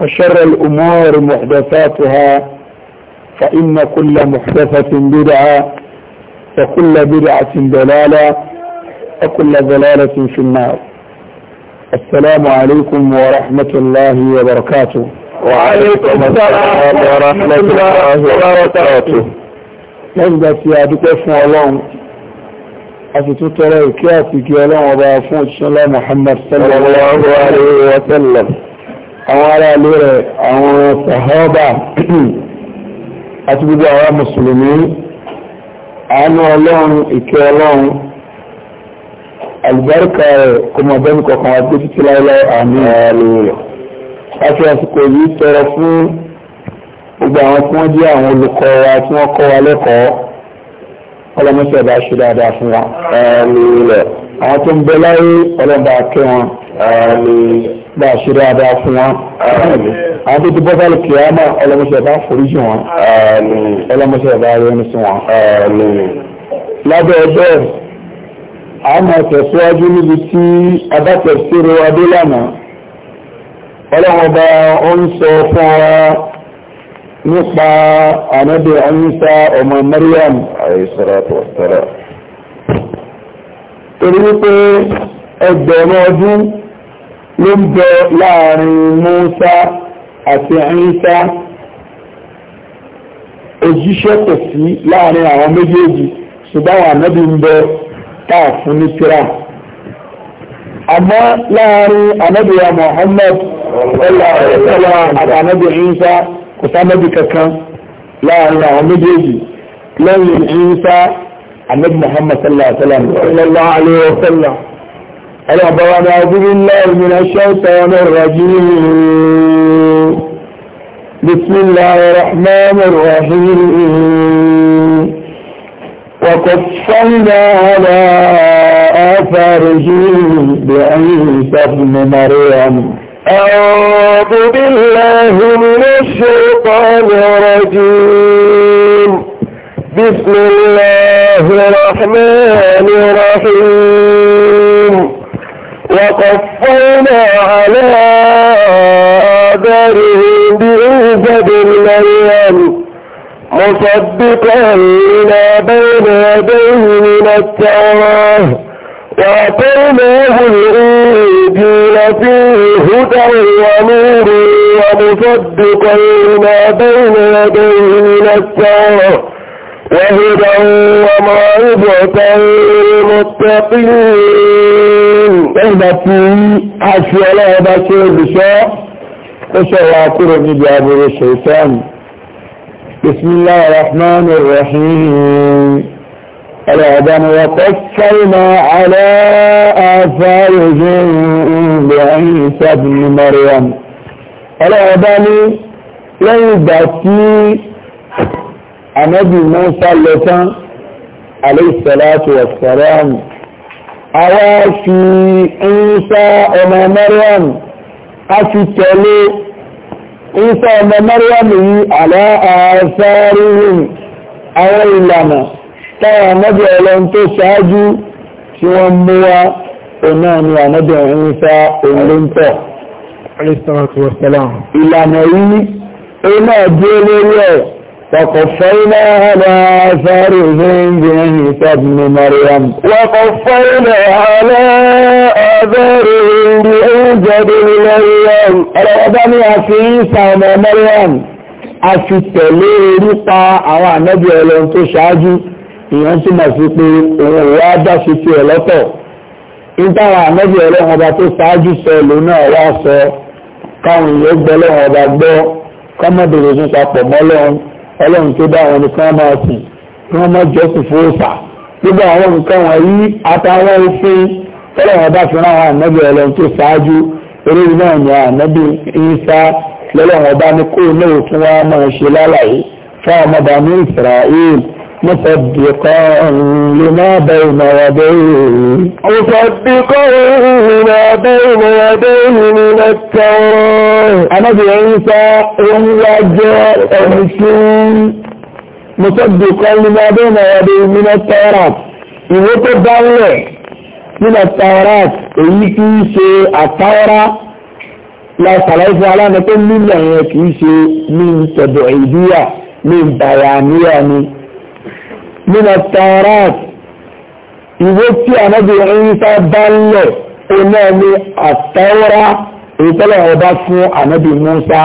وشر الأمور محدثاتها فإن كل محدثة بدعة وكل بدعة دلالة وكل دلالة في النار السلام عليكم ورحمة الله وبركاته وعليكم السلام ورحمة الله وبركاته lẹ́gbà سيادك a الله fún ọlọ́run a sì tún tọrọ ìkẹ́ àti ìkẹ́ ọlọ́run ọba fún àwọn ará ilé rẹ̀ àwọn sàhábà àti gbogbo àwọn mùsùlùmí àánú ọlọ́run ìkẹ́ ọlọ́run àlùbáríkà rẹ̀ kò mọ̀ bẹ́ẹ̀ kọ̀ọ̀kan wá tó títí láíláí àmì ààrẹ rẹ̀ láti àsìkò yìí tọrọ fún gbogbo àwọn tí wọ́n jẹ́ àwọn olùkọ́ wa tí wọ́n kọ́ wa lẹ́kọ̀ọ́ ọlọ́mọṣẹ́ bá ṣe dáadáa fún wa àwọn tó ń bẹ láyé ọlọ́ba akẹ́ wọn gba àṣírí adá fún wọn. àwọn tó ti bọ́ sálẹ̀ kìámà ọlọ́mọṣẹ́ bá foríjì wọn ọlọ́mọṣẹ́ bá rẹ́ni sí wọn. lábẹ́ ẹgbẹ́ a máa tẹ̀síwájú níbi tí adákẹ̀síro adélànà ọlọ́wọ́n bá ó ń sọ fún wa nípa ànábì Ìsá ọmọ Maryam torí wípé ẹgbẹ̀rún ọdún ló ń bẹ láàrin Musa àti Isa òjíṣẹ́ kò sí láàrin àwọn méjèèjì ṣùgbọ́n àwọn ànábì ń bẹ táà fún ní tíra àmọ́ láàrin ànábì wa Muhammad ọlá àti ànábì Isa kò sánábì kankan láàrin àwọn méjèèjì lẹ́yìn Isa ànábì Muhammad sallallahu alaihi wa ربنا أعوذ بالله من الشيطان الرجيم بسم الله الرحمن الرحيم وقفلنا على آثارهم بعيسى ابن مريم أعوذ بالله من الشيطان الرجيم بسم الله الرحمن الرحيم وقفينا على آثارهم بعيسى مريم مصدقا لما بين يديه من التوراه واعطيناه الانجيل فيه هدى ونور ومصدقا لما بين يديه من التوراه وهدى وموعظة للمتقين إذا في أشياء لا بشيء بشيء وشواكر من جابر الشيطان بسم الله الرحمن الرحيم الأدم وقفلنا على آثارهم بعيسى ابن مريم الأدم ليس ànábì Mùsá lọ tán aléìsàlátù wàsàlám àwa fi Ìsá ọmọ Maryam a fi tẹ̀lé Ìsá ọmọ Maryam yìí aláàfáàríhìn àwọn ìlànà táwọn ànábì ọlọ́n tó ṣáájú tí wọ́n mú wá ọ̀nà ni ànábì Ìsá òun ló ń tọ̀ ìlànà yìí ó lórí ẹ̀ فقفينا على آثارهم بعيسى ابن مريم وقفينا على آثارهم بعيسى ابن مريم الأدم في عيسى ابن مريم àfi tẹ̀lé nípa àwọn ànábì ọlọ́run tó ṣáájú ìyẹn túmọ̀ sí pé òun ò wá dá sí ti ẹ̀ lọ́tọ̀ ìtara ànábì ọlọ́run ọba tó ṣáájú sọ lòun náà wá sọ káwọn èèyàn gbọ́ ọlọ́run ọba gbọ́ kọ́mọ̀dé lójú papọ̀ mọ́ ọlọ́run ọlọ́run tó dá àwọn nìkan máa sìn kí wọ́n má jọ́sìn fóòsà gbogbo àwọn nǹkan wọ̀nyí àtàwọn òfin tọ́lọ̀wọ̀n bá fi ráwọn ànábì ọlọ́run tó ṣáájú eré náà ni ànábì ìsá lọ́lọ́wọ̀n bá ní kó náà tún máa ṣe lálàyé fáwọn ọmọbàmí Ísírẹ́lì مصدقا لما بين يديه مصدقا لما بين يديه من التوراة أنبي عيسى إلا جاء المسلم مصدقا لما بين يديه من التوراة ìwọ́tọ̀ dánlẹ̀ nínú taurat èyí kì í ṣe àtàwárá láìsàlàìsà aláàmọ́ tó nílẹ̀ yẹn kì í ṣe ní ìtọ̀dọ̀ ìdíyà ní ìbàyà níyà ni nínú tààràt ìwé tí ànábì Ìsá bá ń lẹ̀ oná ní àtàwọ́rá ìtọ́lọ̀ ọba fún ànábì Mùsá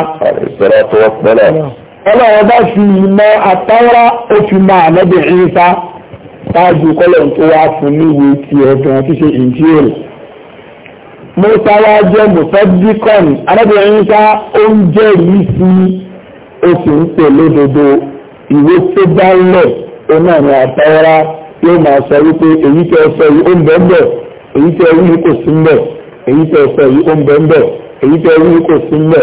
ọlọ́wọ́ bá fi ìmọ̀ àtàwọ́rá ó fi ma ànábì Ìsá táàjú kọ́lọ̀ tó wá fún níwé tí ẹ̀dùn tí ṣe ìjírí Mùsá wá jẹ́ mùsọ́díkọ̀n ànábì Ìsá ó ń jẹ́rìí ìwé tó bá lẹ̀ náà ní àtàwọ́rá yóò máa sọ wípé èyí tẹ́ sọ yìí ó ń bẹ ń bẹ èyí tẹ́ wí ní kò sí ń bẹ èyí tẹ́ sọ yìí ó ń bẹ ń bẹ èyí tẹ́ wí ní kò sí ń bẹ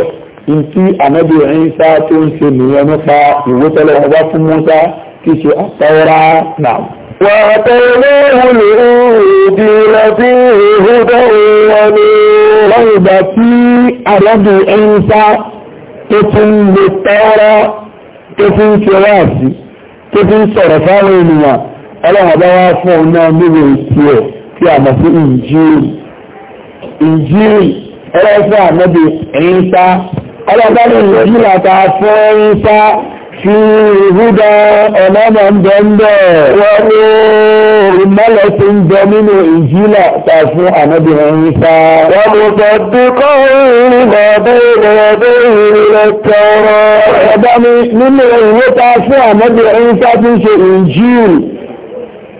ntí ànábì Ìsá tó ń ṣe nìyẹn nípa ìwé tẹ́lẹ̀ wọn bá fún Mùsá kì ṣe àtàwọ́rá náà. وَأَتَيْنَاهُ الْإِنْجِيلَ فِيهِ هُدًى وَنُورٌ لَيْبَ فِي أَرَضِ عِيسَى تَتُمُّ التَّوْرَاةُ تَفِي كِرَاسِي tó fi ń sọ̀rọ̀ fáwọn ènìyàn ọlọ́run ọba wá fún òun náà nílò ìsú ẹ̀ tí a mọ̀ sí ìjírí ìjírí ọlọ́run fún àmọ́bì ẹ̀yìn sá ọlọ́run bá ní ìyẹn nílàta fún ẹ̀yìn sá fi ìhúdá ọ̀nàmà ń bẹ ń bẹ wọ́n ní ìmọ́lẹ̀ tí ń bẹ nínú ìjìlá ta fún ànábìnrin Ìsá. wọ́n mú sọ bí kọ́ ìrìn bàbá ìrọ̀dé ìrìn rẹ̀ tọrọ. ọ̀dọ́ mi nínú ìwé ta fún ànábìnrin Ìsá ti ń ṣe Ìnjíl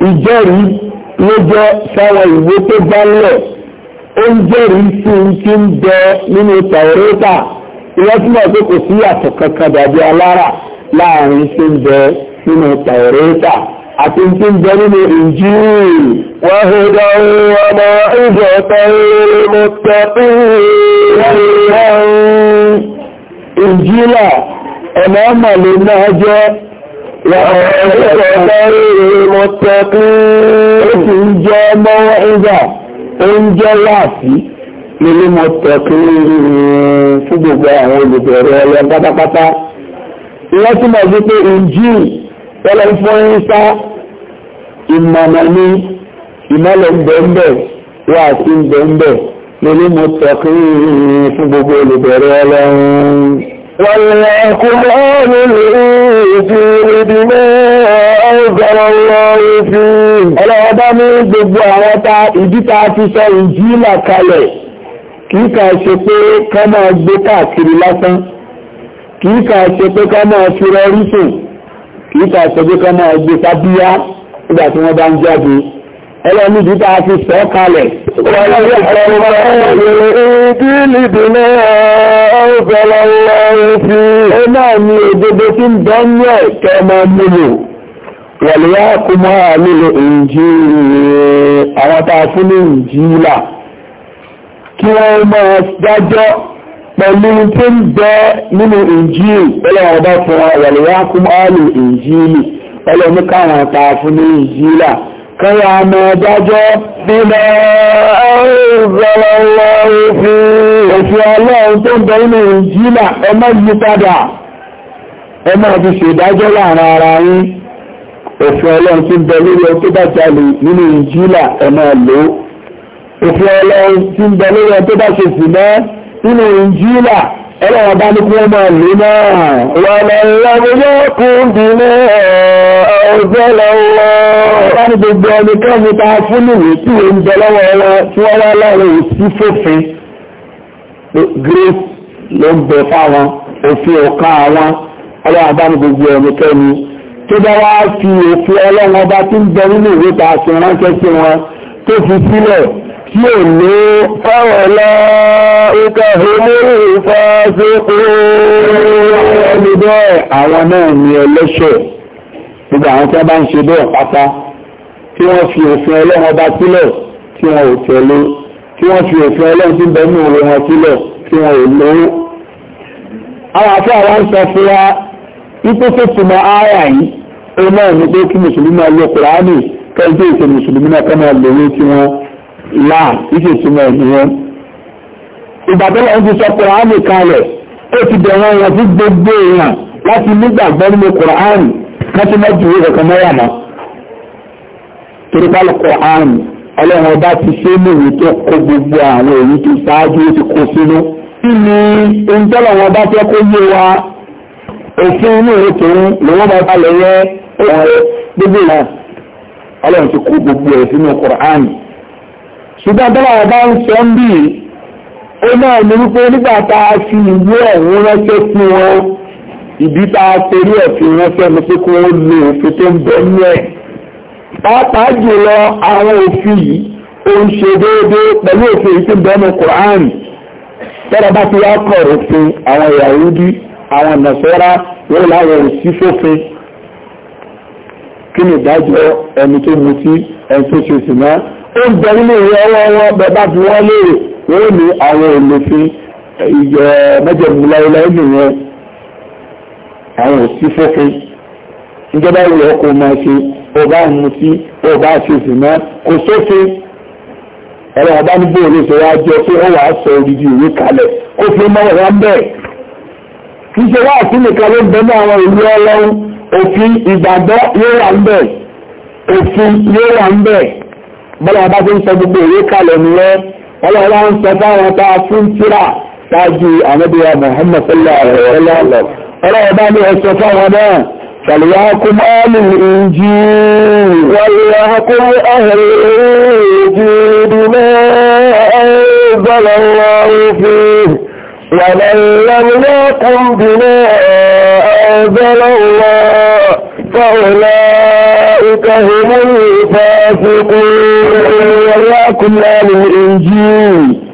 ìjẹ́rìí ló jẹ́ sáwọn ìwé tó gbálẹ̀ ó ń jẹ́rìí sí ti ń bẹ nínú Tàórátà ìyẹn túmọ̀ pé kò sí àtọ̀ dàbí alára láàrin tí ń bẹ nínú tàìrẹ́tà àti tí ń bẹ nínú ìjírí wáhídá ọmọ ìjọ tàìrẹ́ mọ́tàbí ìjìlá ọmọ ọmọ lè náà jẹ́ Oúnjẹ láti lè lè mọ̀ tẹ̀kùn fún gbogbo àwọn olùbẹ̀rẹ̀ ọlọ́ pátápátá ìwọ́n túnmọ̀ sí pé ìjì tọ́lọ fún ìsá ìmọ̀nà ní ìmọ̀lẹ̀ bẹ̀ẹ̀bẹ̀ wà sí bẹ̀ẹ̀bẹ̀ lórí mo tọ̀kí fún gbogbo olùbẹ̀rẹ̀ ọlọ́run والقرآن الذي بما أنزل الله فيه ọlọ́ọ̀bá ní gbogbo àwọn ta ìdíta ti sọ ìjìlá kalẹ̀ kí kà ṣe pé ká máa gbé káàkiri lásán kìí kà ṣe pé ká máa fira oríṣò kìí kà ṣe pé ká máa gbé sábíyá nígbà tí wọ́n bá ń jáde ẹlẹ́ni bí bá fi sọ kalẹ̀ wàlúwà kó máa nílò ìjì àwọn tàà fún ní ìjì ìlà kí wọ́n máa dájọ́ pẹ̀lú tí ń bẹ nínú ìnjílì ọlọ́run ọba fún wa wàlúwà kún áàlù ìnjílì ọlọ́run káwọn ta fún ní ìnjílà kọ́wà mọ̀ dájọ́ bílẹ̀ ọ̀rọ̀lọ́wọ́ fi òfin ọlọ́run tó ń bẹ nínú ìnjílà ọmọ yí padà ọmọ ti ṣèdájọ́ láàrin ara yín òfin ọlọ́run tí ń bẹ lórí ọ tó bá jalè nínú ìnjílà ọmọ lò òfin ọlọ́run tí ń bẹ lórí ọ tó bá ṣe sì náà nínú ìjìlá ẹlọ́wọ̀ bá ní kí wọ́n máa lè náà wọ́n lọ́wọ́ kún bí náà ọ̀zọ́ lọ́wọ́ bá ní gbogbo ọmọ kẹ́mi ta fún ìwé tí wọ́n ń bẹ lọ́wọ́ wọn tí wọ́n wá láwọn òsì fòfin grace ló ń bẹ fáwọn òfin ọ̀ka àwọn ọlọ́wọ́ bá ní gbogbo ọmọ kẹ́mi tó bá wá fi òfin ọlọ́wọ́ bá ti ń bẹ nínú ìwé ta tí ò ní fáwọn láìka homórí fásitì ẹni bẹ́ẹ̀ àwọn náà ni ẹlẹ́ṣẹ̀ gbogbo àwọn tí wọ́n bá ń ṣe bẹ́ẹ̀ pátá tí wọ́n fi òfin ọlọ́run ọba sílẹ̀ tí wọ́n ò tẹ̀lé tí wọ́n fi òfin ọlọ́run tí ń bẹ ní òwe wọn sílẹ̀ tí wọ́n ò lówó àwọn afẹ́ àwọn ń sọ fún wa wípé tó túmọ̀ ara yìí ó náà ní pé kí mùsùlùmí máa lo kùránì kẹ́ńtẹ́ ìṣe mùsùlùmí náà kẹ́ máa lòwe tí wọ́n láà ìṣe ìtumọ̀ ènìyàn ìgbàdọ́lọ́ ń fi sọ kùránì kalẹ̀ ó ti bẹ̀rẹ̀ wọn fún gbogbo èèyàn láti nígbàgbọ́ nínú kùránì láti mọ́jú ìwé kankan mẹ́wàá mọ́ torípàlù kùránì ọlọ́run ọba ti ṣe é lòwe tó kó gbogbo àwọn èyí tó ṣáájú ó ti kó sínú kí ni ohun tọ́lọ̀ wọn bá fẹ́ kó yé wa òfin inú ìwé tòun lòun bá balẹ̀ yẹ gbogbo ìlànà ọlọ́run ti kó gbogbo ẹ̀ sínú kùránì ṣùgbọ́n tọ́lá ọba ń sọ ń bì ó náà ní wípé nígbà tá a fi ìwé ọ̀hún ránṣẹ́ fún wọn ìdí tá a torí ẹ̀ fi ránṣẹ́ ni pé kí wọ́n lo òfin tó ń bẹ ní ẹ̀ pàápàá jùlọ àwọn òfin yìí ó ń ṣe déédéé pẹ̀lú òfin yìí tó ń bẹ́nu Quran tọ́lá bá ti wá kọ̀ òfin àwọn Yahudi àwọn Nasara wọ́n láwọn òsì fòfin kí ni ìdájọ́ ẹni tó mutí ẹni tó ṣe sìnà ó ń jẹ nínú ìwé ọwọ́ wọn bẹ́ẹ̀ bá fi wọ́n léèrè wọ́n ní àwọn òlòfin ìjọ mẹ́jẹ̀mú láéláé nìyẹn àwọn òsì fófin ìjọba ìwé ọkọ̀ máa ṣe ọba mutí ọba ṣèṣì náà kò sófin ẹ̀rọ ọba ní bóòlù ìṣòro àjọ pé ó wàá sọ odidi ìwé kalẹ̀ kó fi mọ́ ọ̀rọ̀ bẹ́ẹ̀ kì í ṣe wá sí nìkan ló ń bẹ ní àwọn ìlú ọlọ́run òfin ìgbàgbọ́ yóò wà ń bẹ̀ òfin yóò wà ń bẹ̀ bọ́lá ọba tí ń sọ gbogbo ìwé kalẹ̀ nìyẹn ọlọ́ ọba ń sọ fáwọn tá a fún tíra ṣáájú ànábìyà Muhammad sallallahu alaihi wa sallam ọlọ́ ọba ní ẹ̀sọ́ fáwọn náà فليحكم أهل الإنجيل وليحكم أهل الإنجيل بما أنزل الله فيه ومن لم يحكم بما أنزل الله فأولئك هم الفاسقون وياكم لهم الإنجيل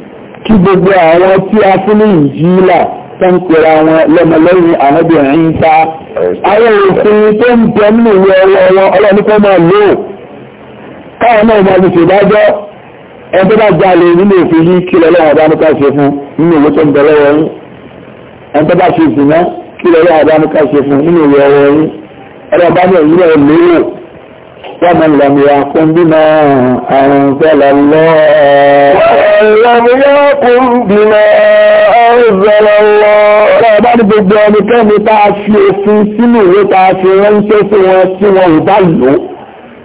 kí gbogbo àwọn tí a fún ní ìjìlá tó ń pèrè àwọn lọ́mọlẹ́yìn àmọ́bìnrin sá àwọn òfin tó ń tẹ́ nínú ìwé ọwọ́ ọlọ́nìkan máa lò káwọn náà máa lùsè dájọ́ ẹgbẹ́ bá jalè nínú òfin yìí kí lọ́lọ́wọ́ bá ní ká ṣe fún nínú ìwé tó ń bẹ lọ́wọ́ yín ẹgbẹ́ bá ṣe ìsìnná kí lọ́lọ́wọ́ bá ní ká ṣe fún nínú ìwé ọwọ́ yín ọlọ́ba ní ẹ̀yìn rẹ̀ lérò wọ́n mọ̀ lọ́mọ ya kún bí àrùn fẹ́lẹ̀ lọ́ lọ́mọ ya kún àrùn fẹ́lẹ̀ lọ́ ọlọ́ba ní gbogbo ẹnikẹ́ni tá a fi òfin sínú ìwé tá a fi ránṣẹ́ sí wọn tí wọn ò bá lò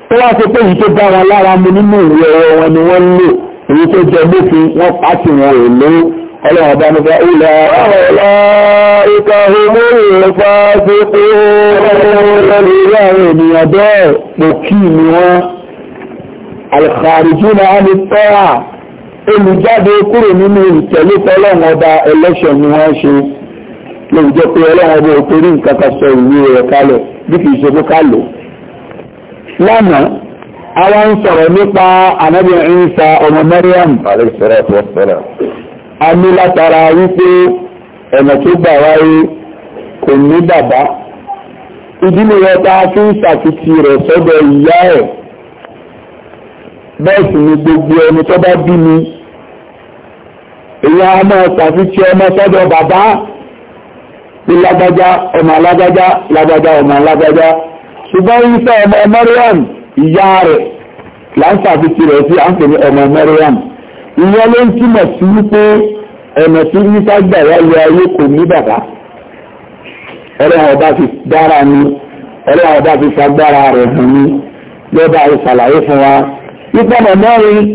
tó wá sí pé èyí tó bá wọn lára mu nínú ìwé ọwọ́ wọn ni wọ́n lò èyí tó jẹ lófin wọ́n pàṣẹ wọn ò lówó ọlọ́run ọba ní ilẹ̀ ọ̀rọ̀lá ìta homo ìrẹ̀fà tó kó lórí àwọn ènìyàn bẹ́ẹ̀ pòkí ni wọ́n alìkàrìjúna ní tọ́ra olùjáde kúrò nínú ìtẹ̀lé tọ́lọ́run ọba election ni wọ́n ṣe lórí jẹ́ pé ọlọ́run ọba òtorí nǹkan kan sọ ìwé rẹ̀ kalẹ̀ bí kìí ṣe kó kálò lánàá àwọn ń sọ̀rọ̀ nípa a ní látara wípé ọ̀nà tó gbà wáyé kò ní bàbá ìdílé rẹ̀ tá a fi ń ṣàfitì rẹ̀ sọ́dọ̀ ìyá ẹ̀ bẹ́ẹ̀ sì ni gbogbo ẹni tó bá bí mi èyí a máa ṣàfitì ọmọ sọ́dọ̀ bàbá ní lágbájá ọmọ alágbájá lágbájá ọmọ alágbájá ṣùgbọ́n ìfẹ́ ọmọ mẹ́ríàm ìyá rẹ̀ là ń ṣàfitì rẹ̀ sí à ọmọ mẹ́ríàm ìyẹn ló ń túmọ̀ sí wípé ọ̀nà tí yíká gbà wá lọ ayé kò ní bàbá ọlọ́run ọba fi dára ni ọlọ́run ọba fi sagbára rẹ̀ hàn ni lọ́ba ìṣàlàyé fún wa nípa ọ̀nà mẹ́rin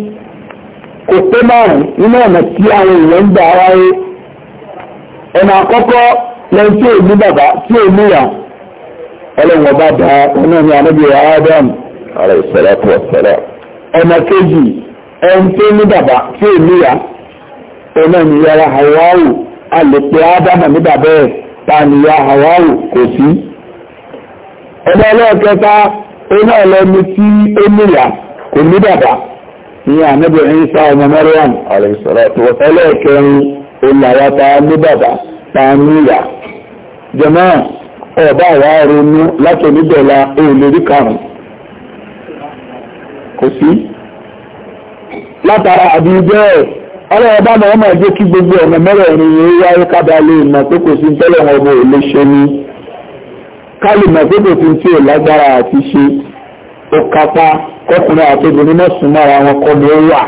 kò pé márùn nínú ọ̀nà tí àwọn èèyàn ń gbà wáyé ọ̀nà àkọ́kọ́ lẹ́yìn tí èmi bàbá tí èmi yà ọlọ́run ọba dá ọ̀nà ní anábìyà Adam ọ̀nà kejì ẹni tó ní bàbá tí ò níyà ọ̀nà ìyára hawaii a lè pe ádámà ní bàbá ẹ̀ ta níyà hawaii kò sí ọba ọlọ́ọ̀kẹta ọ̀nà ọlọ́ni tí ó níyà kò ní bàbá ní ànábì Ìsá ọmọ Maryam ọlọ́ọ̀kẹrin olàwátá ní bàbá ta níyà jẹ́mọ́ ọba àwa ronú látòníbẹ̀lá òun lórí karùn-ún kò sí látara àbí bẹ́ẹ̀ ọlọ́ọ̀bá náà máa jẹ́ kí gbogbo ọ̀nà ìrìn yìí wáyé kábàá lè mọ̀ pé kò sí wọn ọmọ òlé ṣe ní kálì mọ̀ pé kò sí tí ò lágbára àti ṣe ó kọkùnrin àti obìnrin náà sùn mọ́ra wọn kọ́ ni ó wà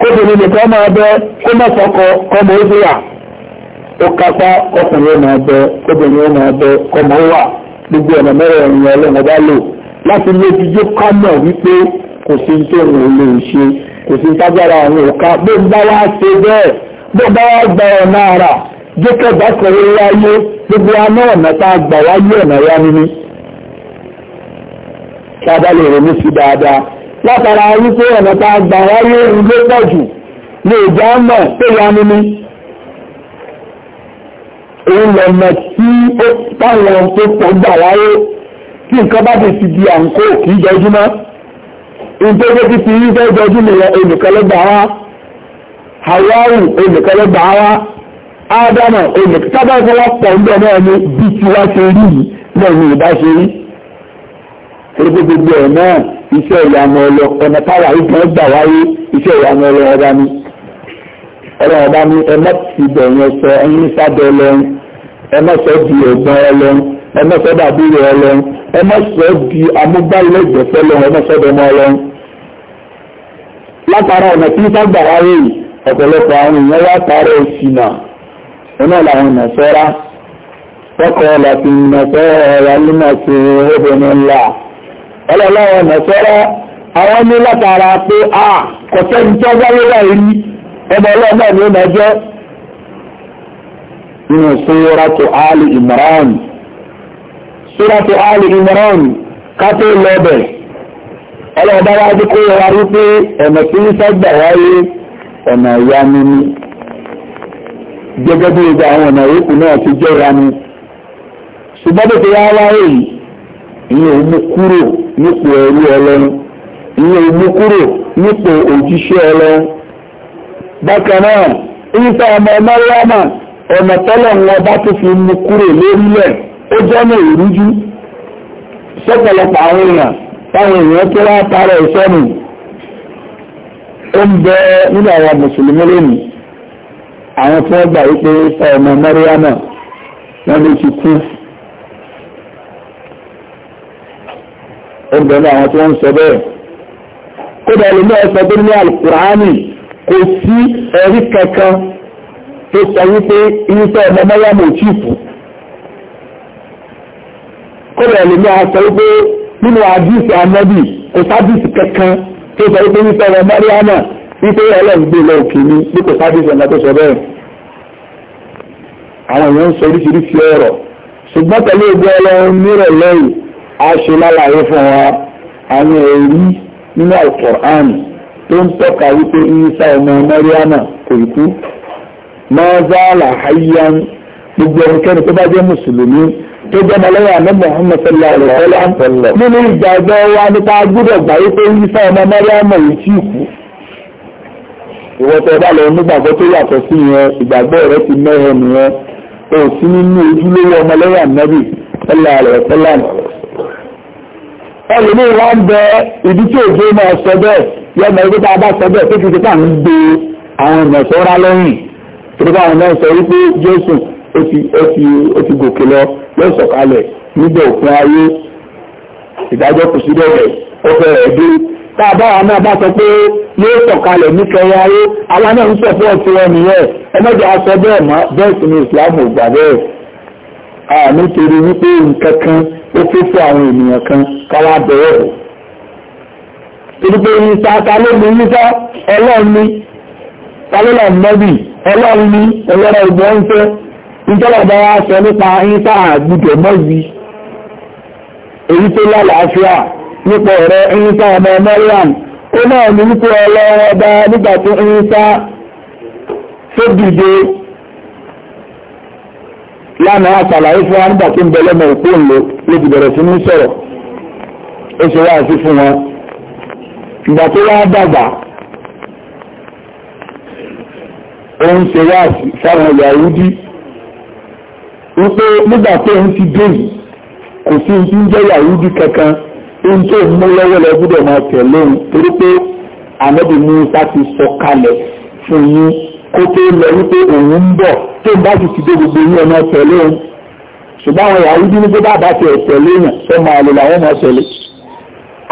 kóbìnrin nìkan máa bẹ kó má sọkọ kọmọ ó fìyà ó kápá ọkùnrin ó máa bẹ kóbìnrin ó máa bẹ kọmọ ó wà gbogbo ọ̀nà mẹ́rẹ̀ẹ̀rin ọlọ́run ọba lò láti lójú jó kámọ̀ wípé kò sí tó òun ò lè ṣe kò sí tágbára àwọn òka bó ń bá wá ṣe bẹ́ẹ̀ bó ń bá wá gba ọ̀nà ara jẹ́kẹ́ dákọ̀wé wáyé gbogbo aná ọ̀nà tá a gbà wáyé ọ̀nà yá nínú. tá a bá lè ronú sí dáadáa látara wípé ọ̀nà ta gbà wáyé ilé pọ̀ jù ní ìjà mọ̀ tó yá nínú òun lọ̀nà tí ó táwọn tó pọ̀ gbà wáyé tí nǹkan bá ti di àǹkó kìí jọjúmọ́ ìtọ́jọ́ ti fi rí fẹ́ jọjú nìyẹn olùkọ́lẹ́gbà wá hawaii olùkọ́lẹ́gbà wá ádámà olùkọ́lẹ́gbà wá pọ̀ ń bẹ̀ náà ní bí tiwa ṣe rí náà ní ìbá ṣe rí torí pé gbogbo ẹ̀ náà iṣẹ́ ìyanu ọlọ ọ̀nà táwa ìgbọ̀n gbà wáyé iṣẹ́ ìyanu ọlọ ọba ni ọlọ́run ọba ni ẹ má ti bẹ̀rẹ̀ sọ ẹyin sábẹ́ ọlọ́run ẹ má sọ di ẹ̀gbọ́n ọlọ́run ẹ má sọ dàbí rẹ ọlọ́run ẹ má sọ di amúgbálẹ́gbẹ̀ẹ́ fẹ́lọ́run ẹ má sọ dọmọ ọlọ́run. látara ọ̀nà tí ìta gbà wáyé ọ̀pọ̀lọpọ̀ àwọn èèyàn wá tààrà ìṣìnà ọ̀nà làwọn ọ̀nà sọ́ra wọ́n kọ́ ọ ọlọ́láwọn nàṣọ́rọ́ àwọn ní látara pé a kọ̀tẹ́ ní tó gbáyé láì rí ọmọ ọlọ́ọ̀nà ní ó nàjọ́ nínú suratu Ali Imran suratu Ali Imran kátó lọ́bẹ̀ ọlọ́ọ̀dá wá dé kó wá rí pé ọ̀nà tí ń sọ́gbà wáyé ọ̀nà ìyá mímí gẹ́gẹ́ bí gbogbo àwọn ọ̀nà ìyókù náà ti jẹ́ ìyá mi ṣùgbọ́n bí ti wá wáyé yìí ìyẹn ò mú kúrò nípò ẹrú ọlọ́run ìyẹn ò mú kúrò nípò òjíṣẹ́ ọlọ́run bákan náà ìyíta ọmọ mọ́ríámà ọ̀nà tọ́lọ̀ wọn bá tó fi mú kúrò lórílẹ̀ ó jọ́nà ìrújú sọ́pọ̀lọpọ̀ àwọn èèyàn táwọn èèyàn tó wá tààrà ìsọ́nù ó ń bẹ nínú àwọn mùsùlùmí lónìí àwọn tí wọ́n gbà wípé ọmọ mọ́ríámà wọ́n ló ti kú ẹgbẹ̀rún àwọn tí wọ́n ń sọ bẹ́ẹ̀ kódà ẹlòmí ọ̀sẹ̀ tó ní alukùránì kò sí ẹ̀rí kankan tó sọ wípé irúfẹ́ ọmọ mọ́yàmù òtítù kódà ẹlòmí àwọn sọ wípé nínú àdìsí ànábì kò sábìsì kankan tó sọ wípé irúfẹ́ ọmọ mọ́ríámà wípé ọlọ́gbé lọ òkè ni bí kò sábìsì ọ̀nà tó sọ bẹ́ẹ̀ àwọn èèyàn ń sọ oríṣiríṣi ọ̀rọ̀ ṣùgbọ́n pẹ̀lú ìgbẹ́ ọlọ́run nírọ̀lẹ́yìn a ṣe lálàyé fún wa àwọn èrí nínú Al-Qur'an tó ń tọ́ka wípé Isa ọmọ Màríámà kò ikú máa záàlà hayyan gbogbo ẹnikẹ́ni tó bá jẹ́ mùsùlùmí tó jẹ́ mọ́lẹ́yà ní Muhammad sallallahu alaihi nínú ìgbàgbọ́ wa nípa gbọ́dọ̀ gbà wípé Isa ọmọ Màríámà yìí tí kú ìwọ́tọ̀ bá lọ nígbàgbọ́ tó yàtọ̀ sí yẹn ìgbàgbọ́ rẹ ti mẹ́hẹ̀ nìyẹn òsì nínú ojúlówó ọmọlẹ́yà nẹ́bì sallallahu alaihi ẹlòmí wọn ń bẹ ìdí tí òjò máa sọ bẹ́ẹ̀ yọmọ ibi tá a bá sọ bẹ́ẹ̀ tó fi ti káà ń gbé àwọn ìmọ̀sọ́ra lẹ́yìn torí báwọn náà sọ wípé Jésù ó ti ó ti ó ti gòkè lọ yóò sọ̀kalẹ̀ níbẹ̀ òpin ayé ìdájọ́ kò sí bẹ̀rẹ̀ ó fẹ́rẹ̀ dé tá a bá wa náà bá sọ pé yóò sọ̀kalẹ̀ níkẹyẹ ayé àwa náà ń sọ fún ọtí wọn nìyẹn ẹlẹ́jọ́ aṣọ bẹ́ẹ̀ mọ́ bẹ́ẹ̀ sì ni ìsìlámù ò gbà bẹ́ẹ̀ nítorí wípé nǹkan kan ó kó fún àwọn ènìyàn kan káwá bẹ̀rẹ̀ bò torí pé yíṣá ta ló ní yíṣá ọlọ́run ta ló lọ́n mọ́bì ọlọ́run ọlọ́rọ̀ ìbọn ń fẹ́ nítorí bá wá sọ nípa yíṣá àgbùdọ̀ mọ́bì èyí tó lálàáfíà nípa ọ̀rọ̀ yíṣá ọmọ ó náà ní wípé ọba nígbà tó lánàá àtàlàyé fún wa nígbà tó ń bẹ lọ́mọ òkú òǹlo ló ti bẹ̀rẹ̀ sí ní sọ̀rọ̀ ó ṣe wá sí fún wọn ìgbà tó wá dàgbà ó ń ṣe wá sáwọn Yahudi wípé nígbà tó ń ti dé yìí kò sí ń jẹ́ Yahudi kankan ohun tó mú lọ́wọ́ lọ máa tẹ̀ lóhun torí pé ànábì Mùsá ti sọ kalẹ̀ fún yín kó tó lọ wípé òun ń bọ̀ tó ń bá sì ti dé gbogbo ní ọ̀nà tẹ̀lé òun ṣùgbọ́n àwọn Yahudi ní pé bàbá tẹ̀ tẹ̀lé èèyàn tó máa lò làwọn ọmọ tẹ̀lé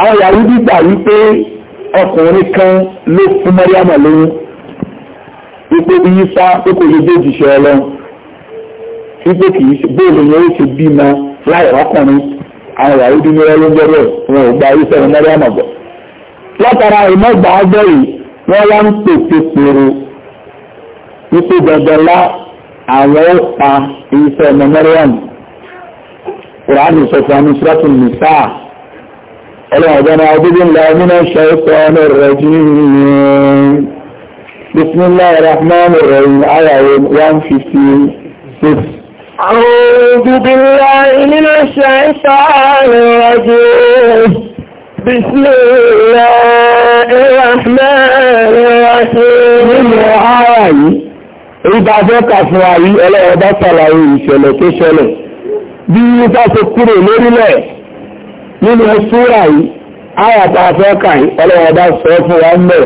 àwọn Yahudi gbà wípé ọkùnrin kan ló fún Mọ́ríàmà lóyún wípé Ìsá pé kò lè dé ìjìṣẹ́ Ọlọ́run wípé kì í ṣe bóòlù yẹn ó ṣe bímọ láì rọ́kùnrin àwọn Yahudi ní wọ́n ló ń jẹ́ bẹ́ẹ̀ wọn ò gba Ìsá Mọ́ríàmà bọ̀ látara ìmọ̀gbà wípé dandanlá àwọn ó pa iṣẹ́ ọmọ mẹ́rẹ́wọ̀n kùránì sọ̀tún àmì sọ́tún nìsá ọlọ́ọ̀dọ́nà ọdún ńlá ọmọnà ṣọ́ọ̀tọ̀ ọmọ rẹ̀ jí bismillahir rahmanir rahim ayàwó 156. أعوذ بالله من الشيطان الرجيم بسم الله الرحمن الرحيم èyí bá fẹ́ kà fún wa yìí ọlọ́run bá ṣàlàyé ìṣẹ̀lẹ̀ tó ṣẹlẹ̀ bí yíká ṣe kúrò lórílẹ̀ nínú súrà yìí àyà tá a fẹ́ kà yìí ọlọ́run bá sọ fún wa ń bẹ̀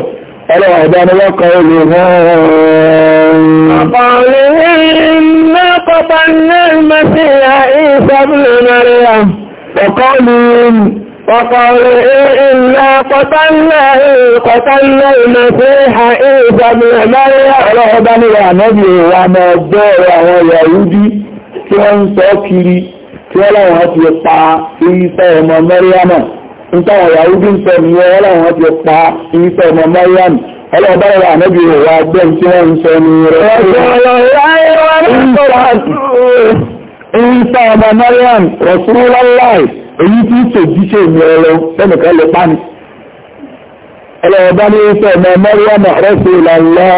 bá ní wọ́n kọ́ olè wọ́n. قتلنا قتلنا المسيح عيسى بن مريم ọlọ́ọ̀bá ní wà náàbí wà máa gbọ́ àwọn yàúdí tí wọ́n ń sọ kiri tí ọlọ́wọ́n ti pa Ìsá ọmọ Mẹ́ríàmà nítawọ̀ yàúdí ń sọ ní ọlọ́wọ́n ti pa Ìsá ọmọ Mẹ́ríàmà ọlọ́ọ̀bá wà náàbí wà gbọ́ tí wọ́n ń sọ ní rẹ̀ Ìsá ọmọ Mẹ́ríàmà Rasulullah èyí tí ń tòjíṣẹ́ ìmọ̀ ẹ̀rọ sẹ́nìkan lè pa ni ọlọ́ọ̀bá ní sọ ọmọ mọ́ríwá rẹ̀sù lọ́lá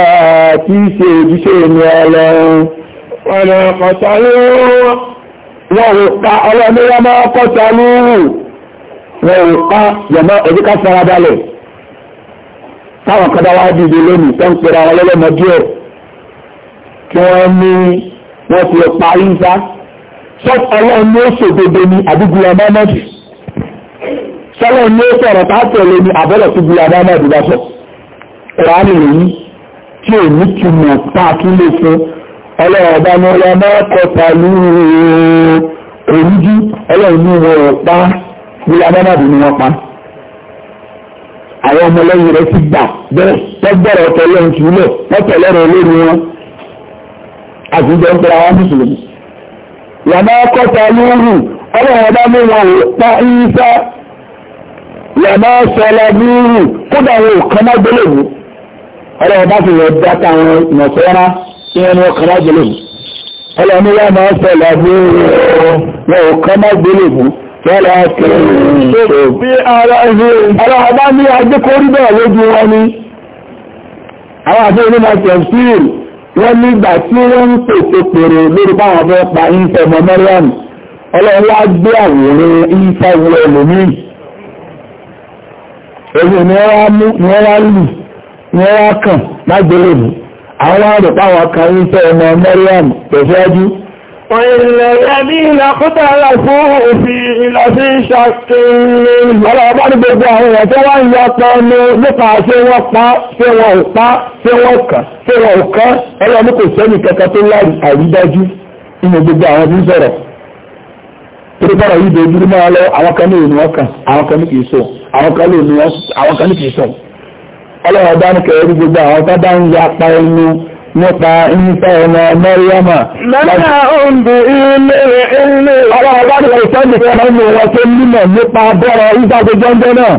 tí í ṣe òjíṣẹ́ ìní ọlọ́run ọ̀nà ọ̀pọ̀ta wọ́n ò pa ọlọ́mọ́ríwá máa kọ́ta lóòrù wọ́n ò pa yọ̀mọ́ ẹ̀díkà farabalẹ̀ táwọn kọ́dá wá dìde lónìí tó ń ọlọ́lọ́mọ díẹ̀ kí wọ́n ní wọ́n ti pa ìsá sọ́ọ̀tọ̀ ọlọ́run ní ó sọ́lọ́ ní ó sọ̀rọ̀ tààtẹ̀lẹ̀ ní àbọ́lọ̀ tó bí adámà ìdúgbà sọ ìránì rèyí tí ò ní túnmọ̀ pàtí lè fún ọlọ́ọ̀bá ní ọlọ́mọ́ kọta lóòrùn oríjú ọlọ́ọ̀nù wọ̀rọ̀ pa bí adámà ìdúgbà wọn pa àwọn ọmọlẹ́yìn rẹ̀ ti gbà bẹ́ẹ̀ tọ́gbọ̀rọ̀ tẹ̀lé ìtúlẹ̀ tọ́tẹ̀lẹ́rọ̀ lórí wọn àtijọ́ ń pẹ̀lú àwọn pa yàmá sọlá búrú kódà wọn ò kàn má gbélébù ọlọ́wọ́ bá ti rẹ̀ dáta wọn nọ̀sọ́rá tí wọ́n ni wọ́n kàn má gbélébù ọlọ́ni yàmá sọlá búrú wọn ò kàn má gbélébù Fẹ́lá kìí bí ara ẹ̀hẹ́ ọlọ́wọ́ bá ní agbékórí bẹ́ẹ̀ lójú wọn ni. Àwọn àti onímọ̀ tẹ̀síìl wọ́n nígbà tí wọ́n ń pèsè ẹ̀rù ni wọ́n mú ni wọ́n wá lù ni wọ́n wá kàn lágbélébù àwọn àrùpá wọn kan ń fẹ́ ọmọ mẹ́ríàm tẹ̀síwájú Ọlọ́ọ̀bá ní gbogbo àwọn èèyàn tó wá ń yọ ọpọ ní nípa ṣe wọ́n pa, ṣe wọ́n ò pa, ṣe wọ́n kàn, ṣe wọ́n ò kàn, ọlọ́ọ̀bá kò sẹ́ni kẹta tó láàrín àrídájú inú gbogbo àwọn tí ń sọ̀rọ̀ torí bọ́rọ̀ yìí dojú rí máa lọ àwọn kan ní òní wọn kàn àwọn kan ní kìí sọ àwọn kan ní òní wọn àwọn kan ní kìí sọ ọlọ́run ọba ní kẹrẹ́rú gbogbo àwọn tábà ń ya apá ẹnu nípa ìyíta ọmọ mẹ́ríàmà. lọ́nà òǹdè ilé ilé. ọlọ́run ọba ní kẹrẹ́rú sẹ́ni kẹrẹ́rú ní wọn tó nímọ̀ nípa bọ́rọ̀ ìgbà gbogbo ọjọ́ náà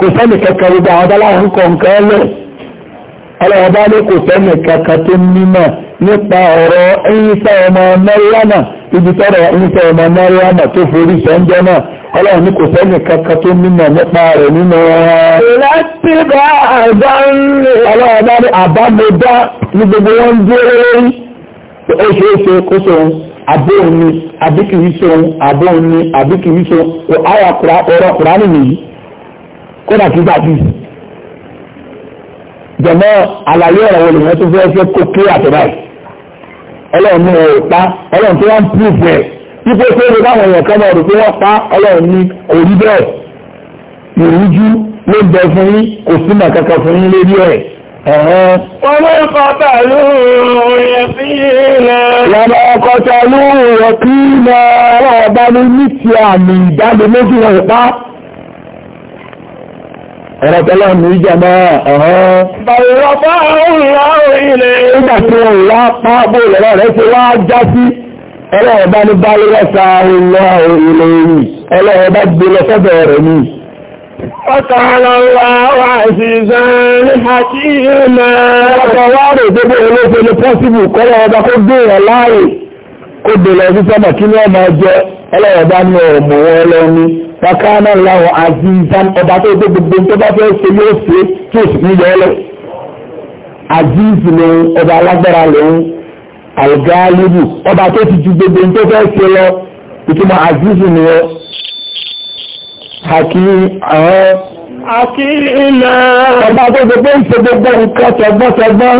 kò sẹ́ni kẹkẹrẹ gbogbo àwọn dáláhùn kọ̀ọ̀kan lẹ̀ ọlọ́run ọba ní kò sẹ́ni kẹkẹrẹ tó nímọ̀ nípa ọ̀rọ̀ ẹ̀yìnsá ọmọ mẹ́ríàmà ibi tọ́rọ ẹ̀yìnsá ọmọ mẹ́ríàmà tó forí sọ́njẹ́ náà ọlọ́run ní kò sẹ́yìn kankan tó mímọ̀ nípa rẹ̀ nínú ọ̀rọ̀ jẹ̀mọ́ àlàyé ọ̀rọ̀ tó ọlọ́run ní ọ̀rọ̀ pa ọlọ́run tí wọ́n ń púùpù ẹ̀ ipò tó ń bá àwọn èèyàn kan náà rò pé wọ́n pa ọlọ́run ní òrí bẹ́ẹ̀ ìrújú ló ń bẹ fún yín kò sí mà kankan fún yín lórí ẹ̀. wọ́n ló ń kọta lóòrùn yẹn sí ilẹ̀. wọ́n lọ kọta lóòrùn yẹn kí ilẹ̀ ọlọ́ọ̀bá ní ní ti àmì ìdánilójú wọn ìpá ọ̀rọ̀ tọ́lá ní ìjàmá ọ̀hán. Bàrọ̀fà òrìlá òrìlẹ̀. Nígbà tí wọ́n wá pa bó lọ́rọ̀ rẹ̀ ṣe wá já sí. Ọlọ́run bá ní bá lọ́sà òrìlá òrìlẹ̀ yìí. Ọlọ́run bá gbé lọ sọ́dọ̀ rẹ̀ ni. Ọ̀tàlọ́ wa wà ṣìṣàn àti ìmọ̀. Ọ̀tọ̀ wá rè gbogbo olóṣèlú ní pọ́sibù kọ́lọ́ ọba kó gbé yàn láàyè. Kó dè lọ sí sọ́mọ̀ kí ni ọmọ jẹ ọlọ́run bá ní ọ̀rọ̀ mọ̀ wọn lọ́ní wakana lawo azizan ọba tó gbé gbogbo tó bá fẹ́ ṣe yóò ṣe tó sì ń yọ lọ azizu ni ọba alágbára lòun algalibu ọba tó ti ju gbogbo tó fẹ́ ṣe lọ ìtumọ̀ azizu ni ọ haki àwọn. haki ilẹ̀. ọba tó gbogbo ń ṣe gbogbo nǹkan tẹgbọ́tẹgbọ́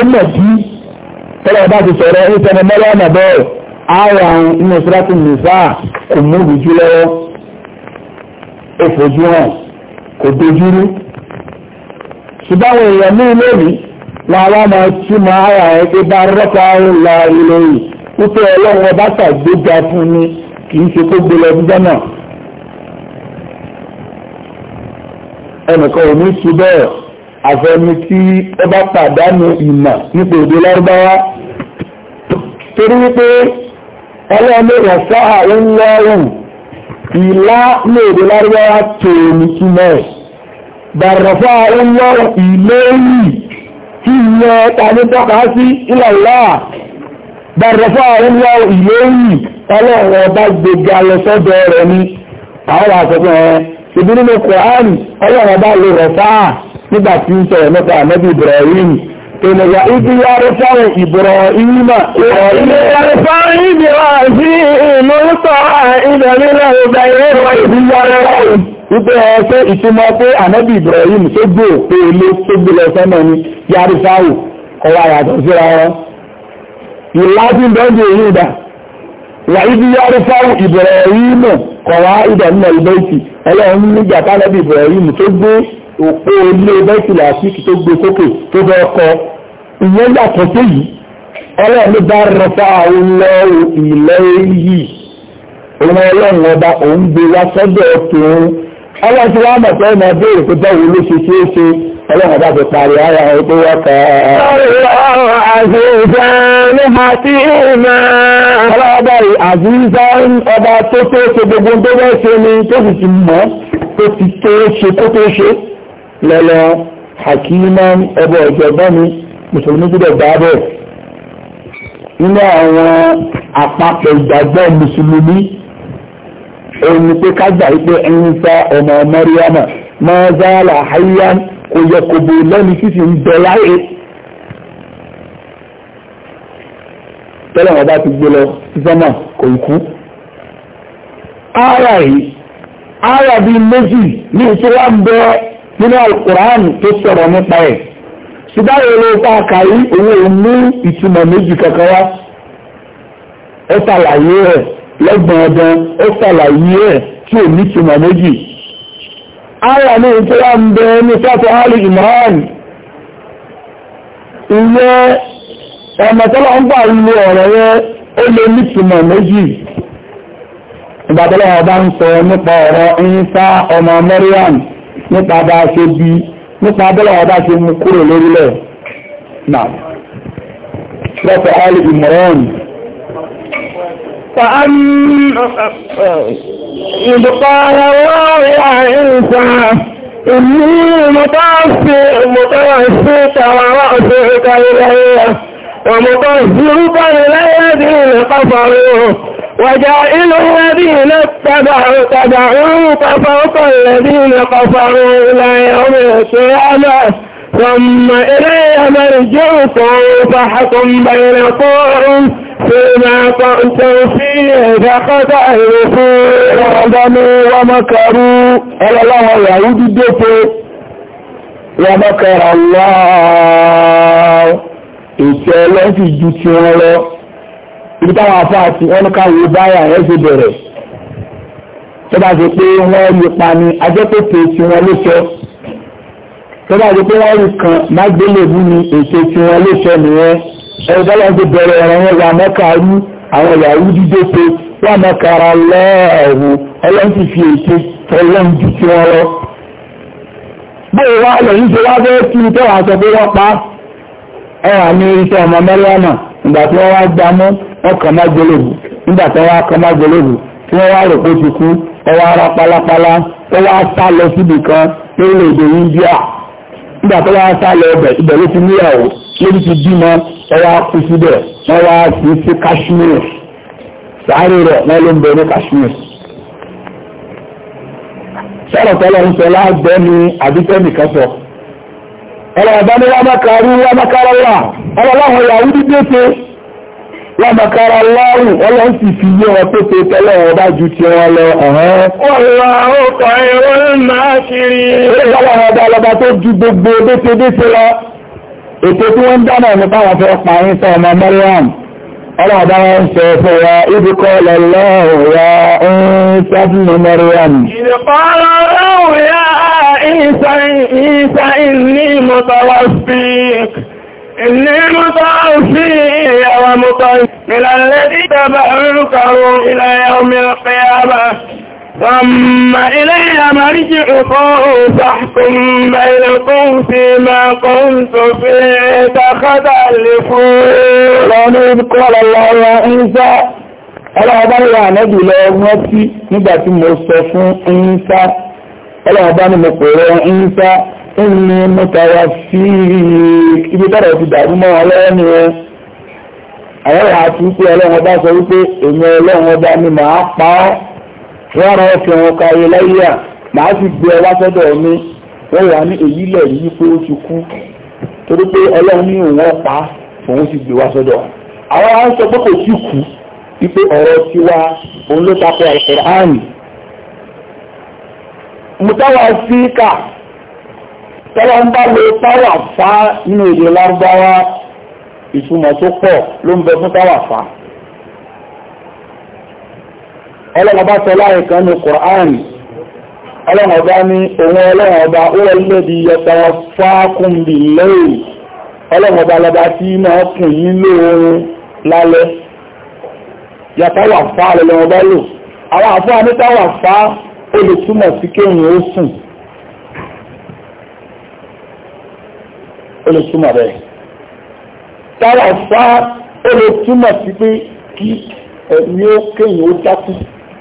ó mọ̀ bí tọ́lá ọba ti sọ̀rọ̀ ó sẹ́ni mọ́lá ọ̀nà bẹ́ẹ̀ àwọn inú sọ́lá nìfà kò mú ìrújú lọ́wọ́ ó fojú hàn kò dojúrú ṣùgbọ́n àwọn èèyàn ní ilé mi làwọn máa tí máa ara ẹ̀ pé bá rọ́pà ńlá ilé yìí wípé ọlọ́run ọba ṣàgbéga fún ni kì í ṣe kó gbé lọ ẹbí jọ́nà ẹnìkan ò ní ṣe bẹ́ẹ̀ àfẹni tí ó bá pàdánù ìmọ̀ nípa èdè lárúbáwá torí wípé ọlọ́run lè rọ̀ sáà ń lọ́rùn ìlà léèdè lárúbáwá tèèmì súnmọ́ ẹ̀ dàrọ̀fà ọlọ́ ìlérí tí ìyẹn tàbí tọ́ka sí ìlàlá dàrọ̀fà ọlọ́ ìlérí ọlọ́run ọba gbogbo alọ́sọ́dọ̀ rẹ̀ ni àwọn àṣọ́gbọ̀n ẹ̀ ìbínú Kùránì ọlọ́run Ènìyà ibi yára fáwọn ìbọ̀rọ̀ ìyíma. Ìbọ̀rọ̀ yára fáwọn ìbọ̀rọ̀ sí ìmúlùkọ́ ìbẹ̀rẹ̀ ọgbà ìrẹ́wà ìbí yára fáwọn. Ibi ọ̀ṣẹ́ ìtumọ̀ pé ànábì Ibrahim tó gbé òpé ilé tó gbé lọ sọ́nà ni yára fáwọn kọwa yàtọ̀ síra wọn. Ìlàjú bẹ́ẹ̀ ní ìdá. Wà ibi yára fáwọn ìbọ̀rọ̀ ìyíma kọwa ìdá nínú ìbẹ́ òpó ilé bẹ́tìlá síkì tó gbé sókè tó fẹ́ kọ ìyẹn yàtọ̀ sí yìí ọlọ́run ló bá rọpa ọlọ́run ilẹ̀ yìí òun ọlọ́run ọba òun gbé wá sọ́dọ̀ tòun ọlọ́run ọlọ́run ọba ti parí ara ẹ̀ tó wọ́n kọ́ ọ́. ọlọ́run àzìzá ló máa tí ì ọlọ́run ọba tó tó ṣe gbogbo tó bẹ́ẹ̀ ṣe ni tó sì ti mọ̀ tó ti tó ṣe tó tó ṣe lọ́lọ́ hakiman ẹbọ ọ̀jọ̀gbọ́n ni mùsùlùmí gbọ́dọ̀ dábọ̀ nínú àwọn àpapọ̀ ìgbàgbọ́ mùsùlùmí ẹni pé kágbà wípé ẹyin sá ọmọ mọ́ríámà máa záàlà àyíyá kò yẹ kò bò lẹ́nu sísì ń bẹ láyé tẹ́lẹ̀ wọn bá ti gbé lọ sísọ́mà kò ikú ara yìí ara bíi méjì ní ìṣẹ́ ń bẹ́ẹ̀ nínú alukur'an tó sọ̀rọ̀ nípa ẹ̀ ṣùgbọ́n èrò ọ̀pá àkàrí owó ìmú ìtumọ̀ méjì kankan wá ó ṣàlàyé ẹ̀ lẹ́gbọ̀n ọdún ó ṣàlàyé ẹ̀ tí ò ní ìtumọ̀ méjì ara ní ìtò wá ń bẹ ní sọ́tọ̀ alì Imran ìyẹ́ ọmọ tọ́lá ń bà lú ọ̀rọ̀ yẹ ó lè ní ìtumọ̀ méjì ìgbàtọ́lá ọba ń sọ nípa ọ̀rọ̀ Ìsá ọmọ Maryam nípa bá a ṣe bí nípa abẹ́lọ́wọ́ bá ṣe mú kúrò lórílẹ̀ náà lọ́pọ̀ alì ìmọ̀ràn ìdùkọ́rọ̀ lọ́rẹ̀ àìsà ìlú mọ́tàṣì mọ́tàṣì tàwàrà ọ̀sẹ̀ ìkàrẹ̀ ومطهرك للذين قفروا وجعل الذين اتبعوا تبعوا قفوق الذين قفروا إلى يوم القيامة ثم إلي مرجعكم فحكم بينكم فيما كنتم فيه فقد أهلكوا وعظموا ومكروا قال الله يعود الدفع ومكر الله ètò ọlọ́sì ju ti wọn lọ ibi táwọn afáà ti wọn ká wo báyà yẹn ṣe bẹ̀rẹ̀ tó bá ṣe pé wọ́n rí pa ni ajẹ́pẹ̀pẹ̀ tí wọ́n ló sọ tó bá ṣe pé wọ́n rí kan mágbélébú ni ètò tí wọ́n ló sọ nìyẹn ẹ̀rọ tó wọ́n ti bẹ̀rẹ̀ ọ̀rọ̀ yẹn wà mọ́kà rú àwọn ìyàwó dídé pé wà mọ́kà ra lọ́ọ̀hún ọlọ́sì fi ètò tọ́lọ́n ju ti wọn lọ. bóyá wà lẹ́yìn tó wá fẹ́ kí ọwà ní iṣẹ́ ọmọ mẹ́rìnàmà ìgbà wọ́n wá gbámú wọ́n má gbólóògùn nígbà tí wọ́n kàn má tí wọ́n wá ti kú ọwọ́ ara pálápálá tó wá sá lọ síbi kan lórílẹ̀-èdè India nígbà tó wá sá lọ ọbẹ̀ ibẹ̀ ló ti níyàwó lórí ti bímọ ọwọ́ wọ́n ọlọ́ọ̀bá ní wọ́n mọ́kàrú wọ́n mọ́kàrá wà ọlọ́láwọ̀ yàwó dídéte wọ́n mọ́kàrá lọ́rùn ọlọ́run sì fi yé wọn pépé tẹ́lẹ̀wọ̀n bá ju ti wọn lọ ọ̀hán. ọ̀la ọkọ̀ ẹ̀rọ máa kiri. ọlọ́run ọba ọlọ́ba tó ju gbogbo détédété lọ ètò tí wọ́n ń dáná nípa àwọn fẹ́ pa ọlọ́ọ̀bá ń sọ fún wa ibi kọ́ lọ́lọ́rùn ya ń sábìnà mẹ́rin ìdíkọ́lọ́rùn ya ìsà ìní mọ́tàwàsík ìní mọ́tàwàsík àwọn mọ́tàwàsík ìlàlẹ́ ثم إليها مرجعكم فاحكم بينكم فيما كنتم فيه تختلفون لأنه قال الله يا عيسى ọlọ́ọ̀bá ní wà náà jùlọ rántí nígbàtí mo sọ fún ìyínsá ọlọ́ọ̀bá ní mo pè rẹ ìyínsá ní mọ́tàwà sí ibi tọ́rọ̀ ti dàrú mọ́ ọlọ́rọ̀ ni àwọn ìhà tí wípé ọlọ́run ọba sọ wípé èmi ọlọ́run ni màá pa wọ́n rọ ọ̀fẹ́ wọn ka ayé láyé à màá sì gbé ẹ wá sọ́dọ̀ mi wọ́n wà ní èyí lẹ̀ yí pé ó ti kú torí pé ọlọ́run ní òun ọ̀pá òun sì gbé wá sọ́dọ̀ àwọn á ń sọ pé kò tí kú wípé ọ̀rọ̀ tiwa òun ló takò àìsàn mùtáwà síkà tọ́lá ń bá lo táwà fá nínú èdè lárúbáwá ìtumọ̀ tó pọ̀ ló ń bẹ fún táwà fá ọlọ́run ọba sọ láàrin kan ní kùránì ọlọ́run ọba ní òun ọlọ́run ọba ó lẹ́dí yọtọrọ fákùnbì lẹ́yìn ọlọ́run ọba lọba tí máa kùn nílé oorun lálẹ́ yàtọ̀wà fá lọ́lọ́run ọba lò àwọn àfọ́ anítàwà fá ó lè túmọ̀ sí kéyìn ó sùn ó lè pé kí ẹ̀mí ó kéyìn ó dákú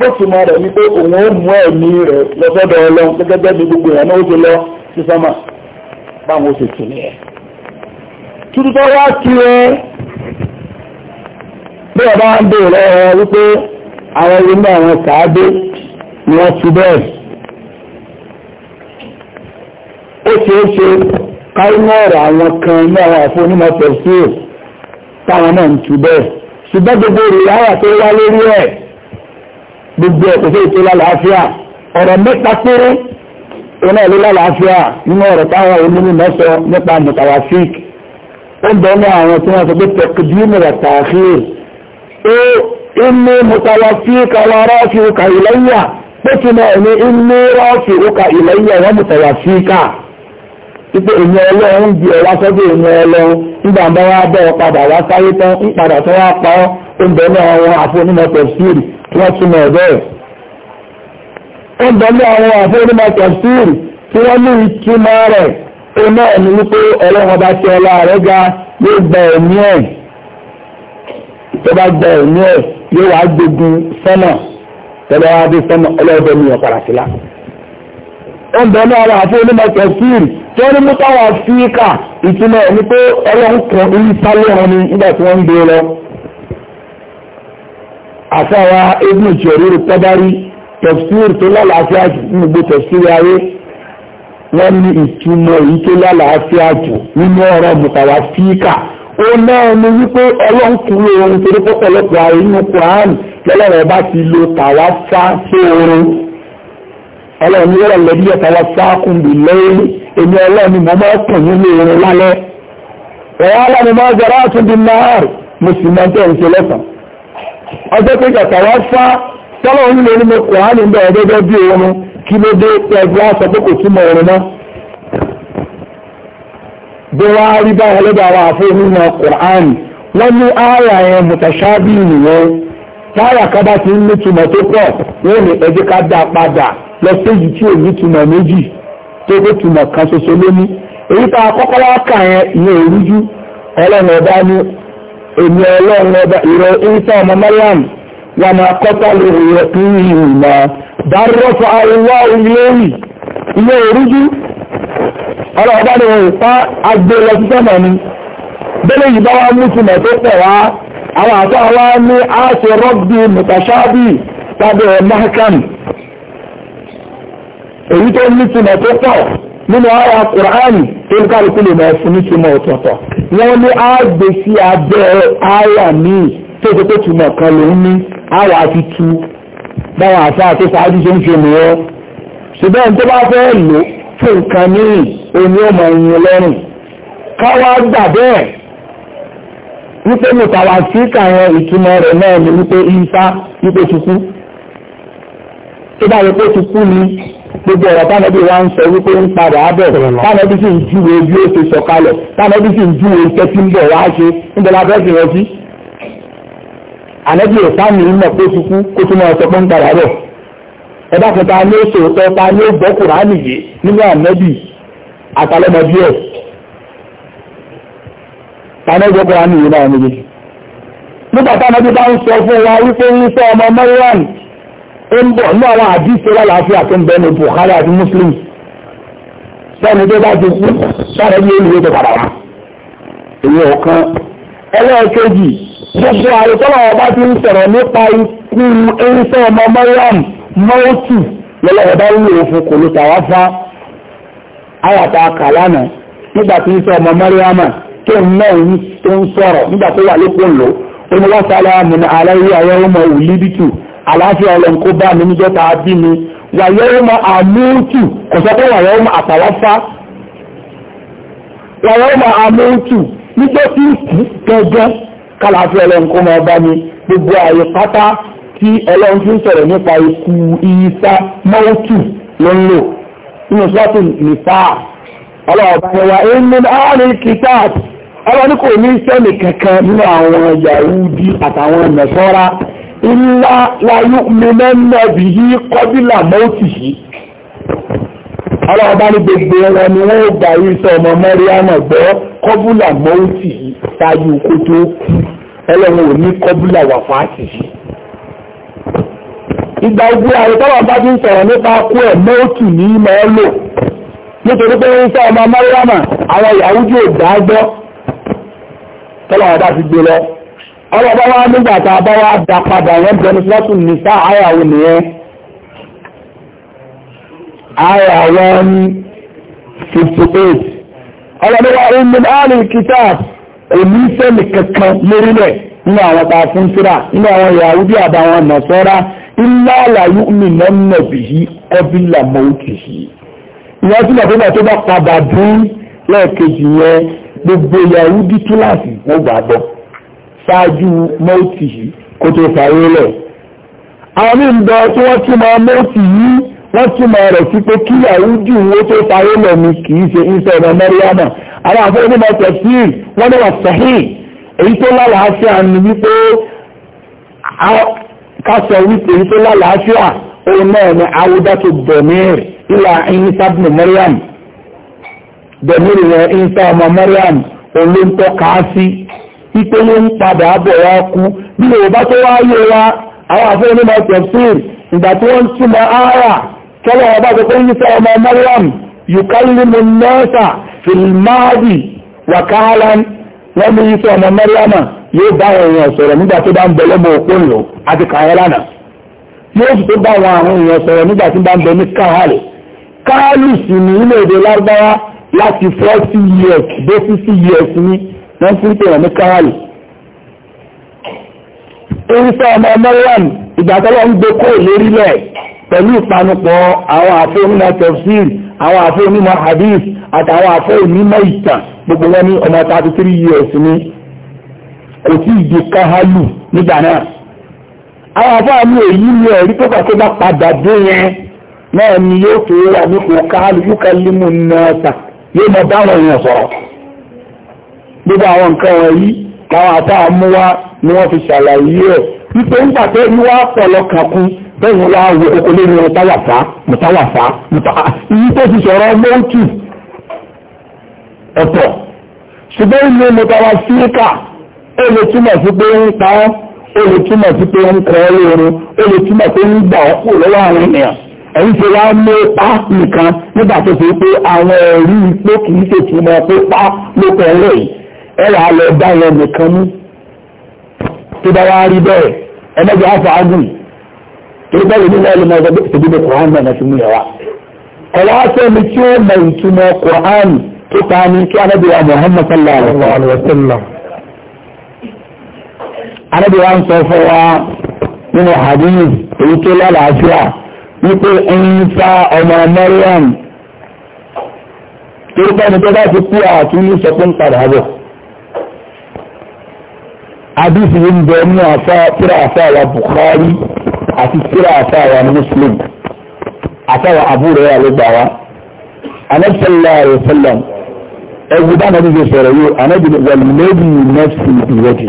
bó túmọ̀ rẹ̀ ní pé òun ó mú ẹ̀mí rẹ̀ lọ́sọ́dọ̀ ọlọ́run gẹ́gẹ́ bí gbogbo ìyànà ó ti lọ sí sánmà báwọn ó sì tù ní ẹ̀ tuntun tó wá kí ẹ bí ọba ń bèèrè ẹ wípé àwọn ilé àwọn kàádé ni wọ́n ti bẹ́ẹ̀ ó ṣe é ṣe káínọ́ọ̀rọ̀ àwọn kan ní àwọn àfọ́nímọ̀ pẹ̀lú táwọn náà ń tu bẹ́ẹ̀ ṣùgbọ́n gbogbo ìrìyà wà tó gbogbo ẹ̀ kò fẹ́ ètò lálàáfíà ọ̀rọ̀ mẹ́ta péré òun náà ló lálàáfíà nínú ọ̀rọ̀ táwọn onímọ̀ sọ nípa mutawasik ó ń bẹ ní àwọn tí wọ́n sọ pé tẹ̀kídìmù rẹ̀ tààfíì ó inú mutawasik àwọn rọ́ọ̀fì òkà ìlẹ́yà pé kí náà ní inú rọ́ọ̀fì òkà ìlẹ́yà wọ́n mutawasika ipe oúnjẹ náà wọn àfọ́nímọ̀ tẹ̀síìrì tí wọ́n túnmọ̀ ẹ̀bẹ́ẹ̀ oúnjẹ náà wọn àfọ́nímọ̀ tẹ̀síìrì tí wọ́n ní ìtumọ̀ rẹ̀ iná ẹ̀mí wípé ọlọ́run ọba tí ọlá rẹ̀ ga yóò gba ẹ̀mí ẹ̀ tó bá gba ẹ̀mí ẹ̀ yóò wá gbógun sọ́nà tẹ́lẹ̀ wá dé sọ́nà ọlọ́ọ̀bẹ mi ọ̀pára sílá oúnjẹ náà wọn àfọ́nímọ̀ tí wọ́n ní mú táwọn fíkà ìtumọ̀ ẹ̀ ní pé ọlọ́run kan ń sálẹ̀ wọn ni nígbà tí wọ́n ń gbé lọ àfáwà ibn Jarir Tabari tafsir tó lálàáfíà jù ní gbogbo tafsir ayé wọ́n ní ìtumọ̀ èyí tó lálàáfíà jù nínú ọ̀rọ̀ mùtàwà fíkà ó náà ní wípé ọlọ́nkùnrin ohun torí pọ́pọ̀lọpọ̀ ayé nínú Kùránì lọ́lọ́rọ̀ bá ti lo tàwa fá sóorun ọlọ́run yóò lẹ́bí ẹ̀tàwà sáàkùn bì lẹ́yìn èmi ọlọ́run mọ́ mọ́ kùn nílé orin lálẹ́ ẹ̀yà ọlọ́run mọ́ jẹ́rọ́ àtúndì náà mo sì mọ́ ọjọ́ pé kàkàwá fá tọ́lọ̀ ń lè nínú kùránì bi bẹ̀ ọ̀dọ́dọ́ bí oorun kí ló dé pẹ̀lú aṣọ pé kò túmọ̀ oorun mọ́ bí wọ́n á rí báwọn lọ́dọ̀ àwọn àfóhùn nínú wọ́n ní ààyà mùtàṣábì nìyẹn táyà ti ń nítumọ̀ tó pọ̀ wọ́n ní ẹjẹ́ ká dá padà lọ séjì tí ò nítumọ̀ méjì èmi ọlọ́run ọba ìrọ̀ ìsá ọmọ mariam wà máa kọ́tà lórí rẹ̀ kí ìlú ma dárọ́fà àríwá olórí ilé orújú ọlọ́ọ̀bá ni wọ́n pa agbé lọ sí sọ́mọ̀ ni bẹ́lẹ̀ yìí bá wá mú túnmọ̀ tó pẹ̀ wá àwọn àtọ́ wá ní àṣẹ rọ́bì mùtàṣábì tàbí mahakam èyí tó mú túnmọ̀ tó pọ̀ nínú ara kùránì tó ń kálukú lè máa fún nítumọ̀ ọ̀tọ̀ọ̀tọ̀ wọ́n ní á gbé sí abẹ́ ara míì tó tó tó túmọ̀ kan ló ń ní ara ti tu báwọn àṣà tó ṣáájú ṣe ń ṣe nìyẹn ṣùgbọ́n tó bá fẹ́ lò fún nǹkan míì oní ọmọ ìyìn lọ́rùn káwá gbà bẹ́ẹ̀ wípé mùtàwà sí kàwọn ìtumọ̀ rẹ̀ náà ni wípé ìsá wípé tukú tó bá yẹ pé tukú ni gbogbo ọ̀rọ̀ tánàbí wá ń sọ wípé ń padà bọ̀ tánàbí sì ń júwe bí ó ṣe sọ̀kalẹ̀ tánàbí sì ń júwe iṣẹ́ tí ń bọ̀ wá ṣe níbo la fẹ́ẹ́ fìyàn sí. ànẹ́bí ìsáàmì ìmọ̀ kó ti kú kó tún máa sọ pé ń padà bọ̀. ẹ dákun ta ni ó ṣòótọ́ ta ni ó gbọ́ kùránì yìí nínú ànẹ́bí àtàlọ́mọdé ẹ̀. ta ni ó gbọ́ kùránì yìí náà níbi. nígbà tánàbí bá ń sọ fún wa wípé ń sọ ọmọ mẹ́rin ó ń bọ̀ ní àwọn àdíṣe lálàáfíà tó ń bẹ́ẹ̀ ní Bukhari àti Muslim sẹ́ni tó bá ti kú sáré ní olùwé tó padà wá èyí ọ̀kan ẹlẹ́ẹ̀kejì gbogbo àrùtọ́lá ọba ti ń sọ̀rọ̀ nípa ikú irinṣẹ́ ọmọ Mariam mọ́ọ̀tù lọ́lọ́wọ́ bá ń lò fún kò ló tàwa fá ayàtà kàlánà nígbà tí ń sọ ọmọ Mariam tó ń mẹ́rin tó ń sọ̀rọ̀ nígbà tó wà lókun lò ó ní wọ́n sálá àmì àlàáfíà ọlọ́run kó bá mi níjọ́ ta bí mi wàyẹ̀ ọmọ àmúùtù kò sọ pé wàyẹ̀ ọmọ àtàwáfá wàyẹ̀ ọmọ àmúùtù níjọ́ tí gẹ́gẹ́ kálàáfíà ọlọ́run kó máa bá mi gbogbo àyè pátá tí ọlọ́run fi ń sọ̀rọ̀ nípa ikú ìyíṣà mọ́ọ̀tù ló ń lò nínú sọ́tún nìfà ọlọ́ọ̀bá ẹwà inú àárín kìtàbù ọlọ́run kò ní sẹ́nì kankan nínú àwọn Yahudi àtàwọn Nasara ńlá láyú mímẹ́nà bí yí kọ́bílà mọ́tì yìí aláwọ̀bá ní gbogbo wọn ni wọ́n gbà yí sọ ọmọ mẹ́ríàmà gbọ́ kọ́bílà mọ́tì yìí táyú kó tó kú ẹlẹ́wọ̀n ò ní kọ́bílà wà fáàtì yìí ìgbà ogun àwọn tọ́wọ́ bá ti ń sọ̀rọ̀ nípa kú ẹ̀ mọ́tì ní ìmọ̀ ẹ́ lò nítorí pé ń sọ ọmọ mẹ́ríàmà àwọn ìyàwó jù ò dágbọ́ tọ́wọ́ bá ti gbé lọ ọlọ́bá wá nígbà tá a bá wá dá padà wọ́n bẹnu sọ́tún nìta àyàwó nìyẹn àyà 158 ọlọ́bá wá ní mìíràn kìtà èmi sẹ́mi kankan lórílẹ̀ nínú àwọn ta fún síra nínú àwọn ìyàwó bí àbáwọn nàṣọ́ra ilá àlàyé mi nọ́nà bì í ọbílà mọ́ọ̀tì yìí gbogbo ìyàwó dí wọ́n gbàgbọ́ ṣáájú mọ́ọ̀tì yìí kó tó fàyé lẹ̀ àwọn míì ń bẹ tí wọ́n túmọ̀ mọ́ọ̀tì yìí wọ́n túmọ̀ rẹ̀ sí pé kí àwùjù wo tó fàyé lẹ̀ ni kì í ṣe ìṣẹ́ ọmọ mẹ́ríàmà àwọn àfẹ́ onímọ̀ tẹ̀síì wọ́n ní wọ́n sàhí èyí tó lálàáfíà ni wípé ká sọ wípé èyí tó lálàáfíà òun náà ni awúdá tó bẹ̀mírì ìlà ìyínsá bìnú mẹ́ríàmà bẹ̀mírì yẹn ìyínsá ọmọ mẹ́ríàmà òun ló ń ipe ló ń padà bọ̀ wá kú bí o bá tó wá yé wa àwọn àfihàn onímọ̀ tẹ̀síìn ìgbà tí wọ́n túmọ̀ ara kẹ́lọ̀ ọba tó pé yíṣẹ́ ọmọ Maryam yukallimu nasa filmadi wakalan wọ́n mú yíṣẹ́ ọmọ Maryam yóò bá èèyàn sọ̀rọ̀ nígbà tó bá ń bẹ lọ́mọ òkú ńlò àti kàyẹ́ lánàá yóò sì tó bá àwọn àwọn èèyàn sọ̀rọ̀ nígbà tí bá ń bẹ ní káhálì káhálì sì ní ilé èdè lárúbáwá láti 40 years 50 years ní wọ́n fún tèèyàn ní káwálì irúfẹ́ ọmọ mẹ́rìnlẹ́m ìgbàtọ́lọ́ ń gbé kó lérílẹ̀ pẹ̀lú ìpanupọ̀ àwọn àfẹ́ onímọ̀ tafsir àwọn àfẹ́ onímọ̀ hadith àtàwọn àfẹ́ onímọ̀ ìtàn gbogbo wọn ní ọmọ 33 years ní kò tí ìdè káhálù nígbà náà àwọn àfẹ́ àmì èyí ni ẹ̀rí tó kàkó bá padà dé yẹn náà ni yóò tó rà nípò káhálù yóò kálímù náà tà yóò mọ báwọn èèyàn sọ̀rọ̀ gbogbo àwọn nǹkan wọ̀nyí làwọn àtàwọn amúwá ni wọ́n fi ṣàlàyé ẹ̀ wípé ń pàtẹ́ ní wá pọ̀ lọ́kàn kún bẹ́ẹ̀ wá wo oko lórí mọ̀táwàfá mọ̀táwàfá ìyí tó ti sọ̀rọ̀ mọ́ọ̀tù ọ̀pọ̀ ṣùgbọ́n ilé mọ̀táwà síríkà ó lè túmọ̀ sí pé ń pa ọ́ ó lè túmọ̀ sí pé ń kọ́ lóorun ó lè túmọ̀ pé ń gbà ọ́ kù lọ́wọ́ àwọn ènìyàn ẹ̀yìn ṣe wá mú pa nìkan nígbà tó fi pé àwọn ẹ̀rí pé kì í ṣètúmọ̀ pé pa ló pẹ̀lú ẹ wà á lọ dá wọn nìkan mú tó bá wá rí bẹ́ẹ̀ ẹ mẹ́jọ á fa ágùn torí bẹ́ẹ̀ ní wọ́n lè mọ ọgbẹ́ ìṣèjú ní kùrán náà náà fi mú yẹn wá ọ̀rọ̀ afẹ́mi tí ó mọ ìtumọ̀ kùrán tó ta ni kí anábìyà Muhammad sallallahu alaihi wa sallam arábìnrin wa ń sọ fún wa nínú hadith èyí tó lálàáfíà wípé ẹyin fa ọmọ Mariam tó bá ní tó bá ti kú àtúnú sọ pé padà bọ̀ àdìsí yìí ń bẹ nínú àfá tíra àfá wa Bukhari àti tíra àfá wa Muslim àfá wa àbúrò rẹ̀ ló gbà wá Ànábì sallallahu alaihi wasallam ẹ̀wù bá nàbí fi sọ̀rọ̀ yìí Ànábì wọ̀lú lẹ́bí nẹ́fì ìwọ́jì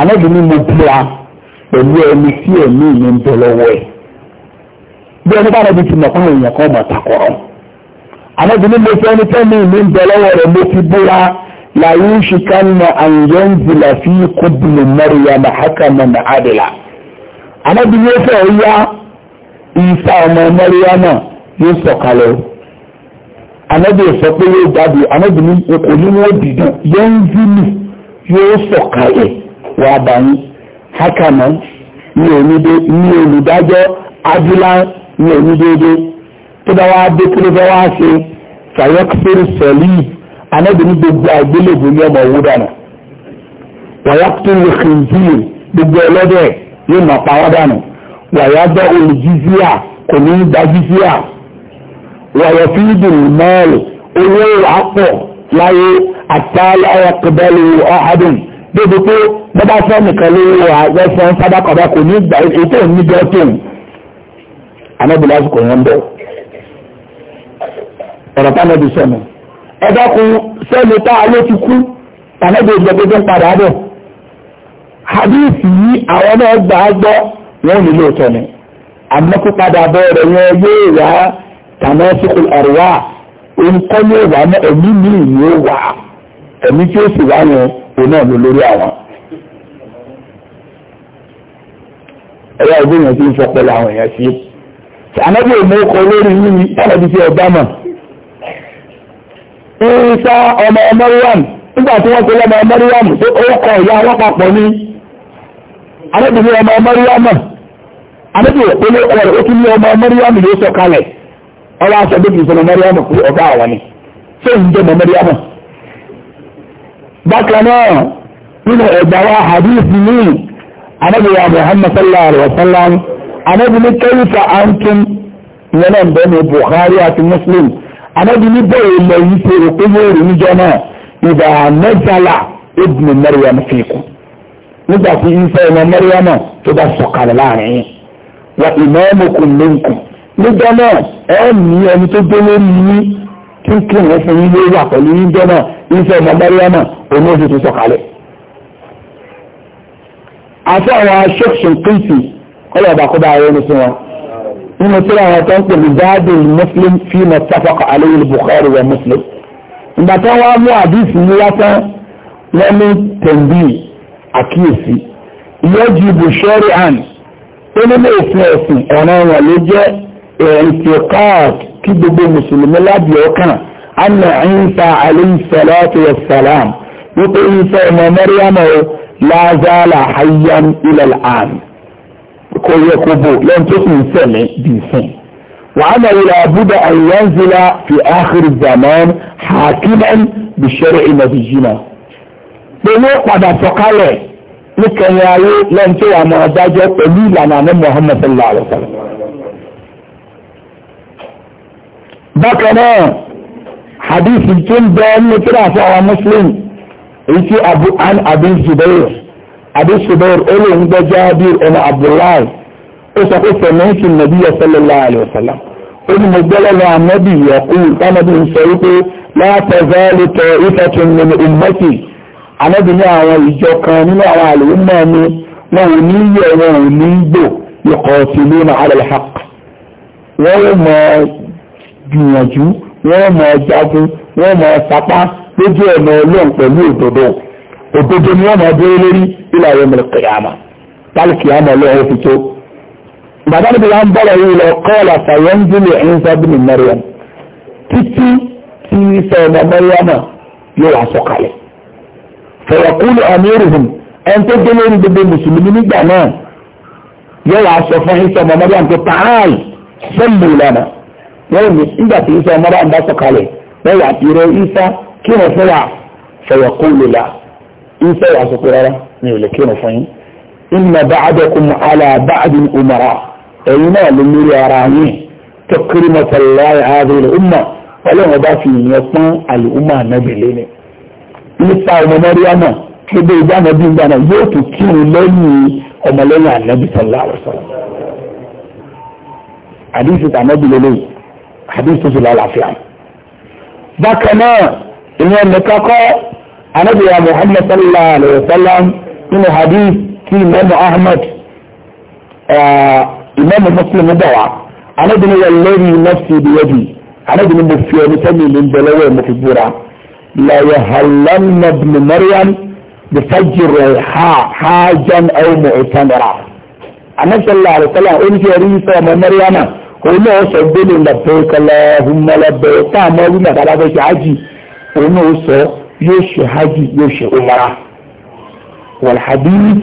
Ànábì ní mo búra pẹ̀lú ẹni tí ẹ̀mí mi ń bẹ lọ́wọ́ ẹ̀ bí ẹni bá nàbí ti mọ̀ fún èèyàn kan mọ̀ takọ̀rọ̀ Ànábì ní mo fẹ́ ẹni tẹ́mi mi ń mo ti búra láyé ṣe ká nà àyẹ̀yẹ́ ń zìlà sí kúbìlì mẹ́rìyàmà haka mọ̀nà àdìlà anábì yóò fẹ́ yá ìsá ọmọ mẹ́rìyàmà yóò sọ̀kalẹ̀ anábì sọ pé yóò jáde anábì ní kò ní wọ́n dìde yóò ń zìlì yóò sọ̀kalẹ̀ wà báyìí haka mọ̀ ní olùdájọ́ àdìlà ní olùdéédé tó bá wá dé kí ló fẹ́ wá ṣe fàyọ́kùsẹ́rì sọ̀lì yìí anábì ní gbogbo àgbélébò ní ọmọ owó dànù wàyà tó lè kìrìtìlì gbogbo ẹlẹ́dẹ̀ yóò máa pa wọ́n dànù wàyà bá olùjíṣíà kò ní í gbajíṣíà wàyà fíìdì mọ́ọ̀lù owó àpọ̀ láyé àtàláyà kẹbẹ́lú ọ̀hádùn débi pé bọ́bá fẹ́ nìkan lówó àgbẹ̀fọ́n sábàkọ̀bá kò ní ìgbà ètò ìníbẹ̀ tóun anábì lásìkò yẹn ń bọ̀ ọ̀rọ̀ táwọn ẹbí sọ̀nù ẹ̀dọ́kun sẹ́lẹ̀ tá a ló ti kú tànẹ́bẹ̀ ìjọba tó ń padà bọ̀ hadith yìí àwọn náà gbà á gbọ́ wọn ò nílò ọ̀tọ̀ ni àmọ́kú padà bọ̀ rẹ̀ yẹn yóò wá tànẹ́sìkò ẹ̀rọ̀wá nǹkan yóò wá ní ẹ̀mí míì yóò wá ẹ̀mí tí ó sì wá yẹn òun náà ló lórí àwọn. ẹ̀yà ìgbóyàn ń fọpẹ́ làwọn èèyàn sí. tànẹ́bẹ̀ ìmọ̀ ọkọ̀ lórí yìí tànẹ́bẹ̀ ti ìsá ọmọ mọ́ríwàm nígbà tí wọ́n pe lọ́mọ mọ́ríwàm tó orúkọ ìyá wọn papọ̀ ní arábìnrin ọmọ mọ́ríwàm arábìnrin òpólé ọ̀rọ̀ ó tún ní ọmọ mọ́ríwàm ló sọ kalẹ̀ ọwọ́ aṣọ bí kìí sọmọ mọ́ríwàm pé ọ̀gá àwọn ni ṣé ń jẹ́ ọmọ bákan náà nínú ẹ̀gbà wa hadith ní arábìnrin Muhammad sallallahu alaihi wa sallam arábìnrin kẹ́yìfà antum ìyẹn náà bẹ́ẹ̀ ni Bukhari àti Muslim anábì ní bẹ́ẹ̀ ilẹ̀ yìí ṣe rò pé yóò rí níjọ́ náà ìgbà mẹ́tàlá ibn Maryam fíkù nígbà tí ìfẹ́ ọmọ Maryam náà tó bá sọ̀kalẹ̀ láàrin yìí wà imamukum minkum níjọ́ náà ẹ ní ẹni tó gbé lórí yín tí kí wọ́n fún yín lórí wà pẹ̀lú níjọ́ náà ìfẹ́ ọmọ Maryam òun ó sì tún sọ̀kalẹ̀. àti àwọn aṣọ́ọ̀ṣùn kìtì kọ́lọ̀ kó bá ara ẹni sí wọn هنا ترى تنقل زاد المسلم فيما اتفق عليه البخاري ومسلم ان كان هذا حديث لي اتا تنبيه اكيسي يجب شرعا ان ما انا ولجا انتقاط كدب المسلم لا بيوكنا ان عيسى عليه الصلاة والسلام يقول عيسى مريم لا زال حيا الى الان كوي كوبو لم تسمي سمع ديسان وعلى الابد ان ينزل في اخر الزمان حاكما بالشرع نبيجنا بلو قد فقال لك يا يو لن توى مرداجة قليلا عن محمد صلى الله عليه وسلم بكنا حديث الجنب المترافع مسلم يتي ابو عن ابي الزبير Abu Shubair olóhùn gbọ́ Jábìr ọmọ Abdullahi ó sọ pé sẹ̀mẹ́ǹtì nàbí sallallahu alaihi wasallam ó ní mo gbọ́ lọ́nà ànábì yẹ̀kú tánàbì ń sọ wípé láti ẹ̀fẹ́ tẹ ìfẹ́tún nínú ummati ànábì ní àwọn ìjọ kan nínú àwọn àlùmọ́ mi wọn ò ní yẹ wọn ò ní gbò yuqatiluna ala al-haqq wọ́n yóò mọ gbìyànjú wọ́n mọ jagun wọ́n mọ sapá lójú ọ̀nà ọlọ́run pẹ̀lú òdodo òdodo ni wọ́n mọ dúró lórí إلى يوم القيامة قال القيامة له في توب بعد أن بلان بلعي إيه له قال فينزل عيسى بن مريم تتي في سيدة مريم يلعصق عليه فيقول أميرهم أنت جنين ببين مسلمين دعنا يلعصق في عيسى بن مريم تعال صلوا لنا يوم إذا في عيسى مريم بسق عليه ويعطي رئيسى كيف فيقول له ìfẹ́ wàá sọ pé rárá mi ò lè kírun fún yín inna ba'dakum ala ba'din umara ẹ̀yin náà ló lórí ara yín takrimatan lahi hadhihi al-umma ọlọ́run ọba fi ìyẹn pọ́n àlùmọ́ ànábìlẹ́ ni nípa ọmọ mọ́ríámà gbogbo ìdáná bí ń dáná yóò tún kírun lẹ́yìn ọmọlẹ́yìn ànábì sallallahu àdìsí tànábìlẹ́ lẹ́yìn àdìsí tó sì lálàáfíà bákan náà ìyẹn nìkan kọ́ النبي محمد صلى الله عليه وسلم من حديث في امام احمد آه، امام مسلم دعوة انا ابن الذي نفسي بيدي انا ابن مفيان سمي من دلوه مكبورة لا يهلن ابن مريم بفجر الحا حاجا او معتمرة انا صلى الله عليه وسلم ان جريسة من مريم قلنا اصدقوا لبيك اللهم لبيك اما ابن عجي قلنا اصدقوا yóò ṣe hajj yóò ṣe umara walhadith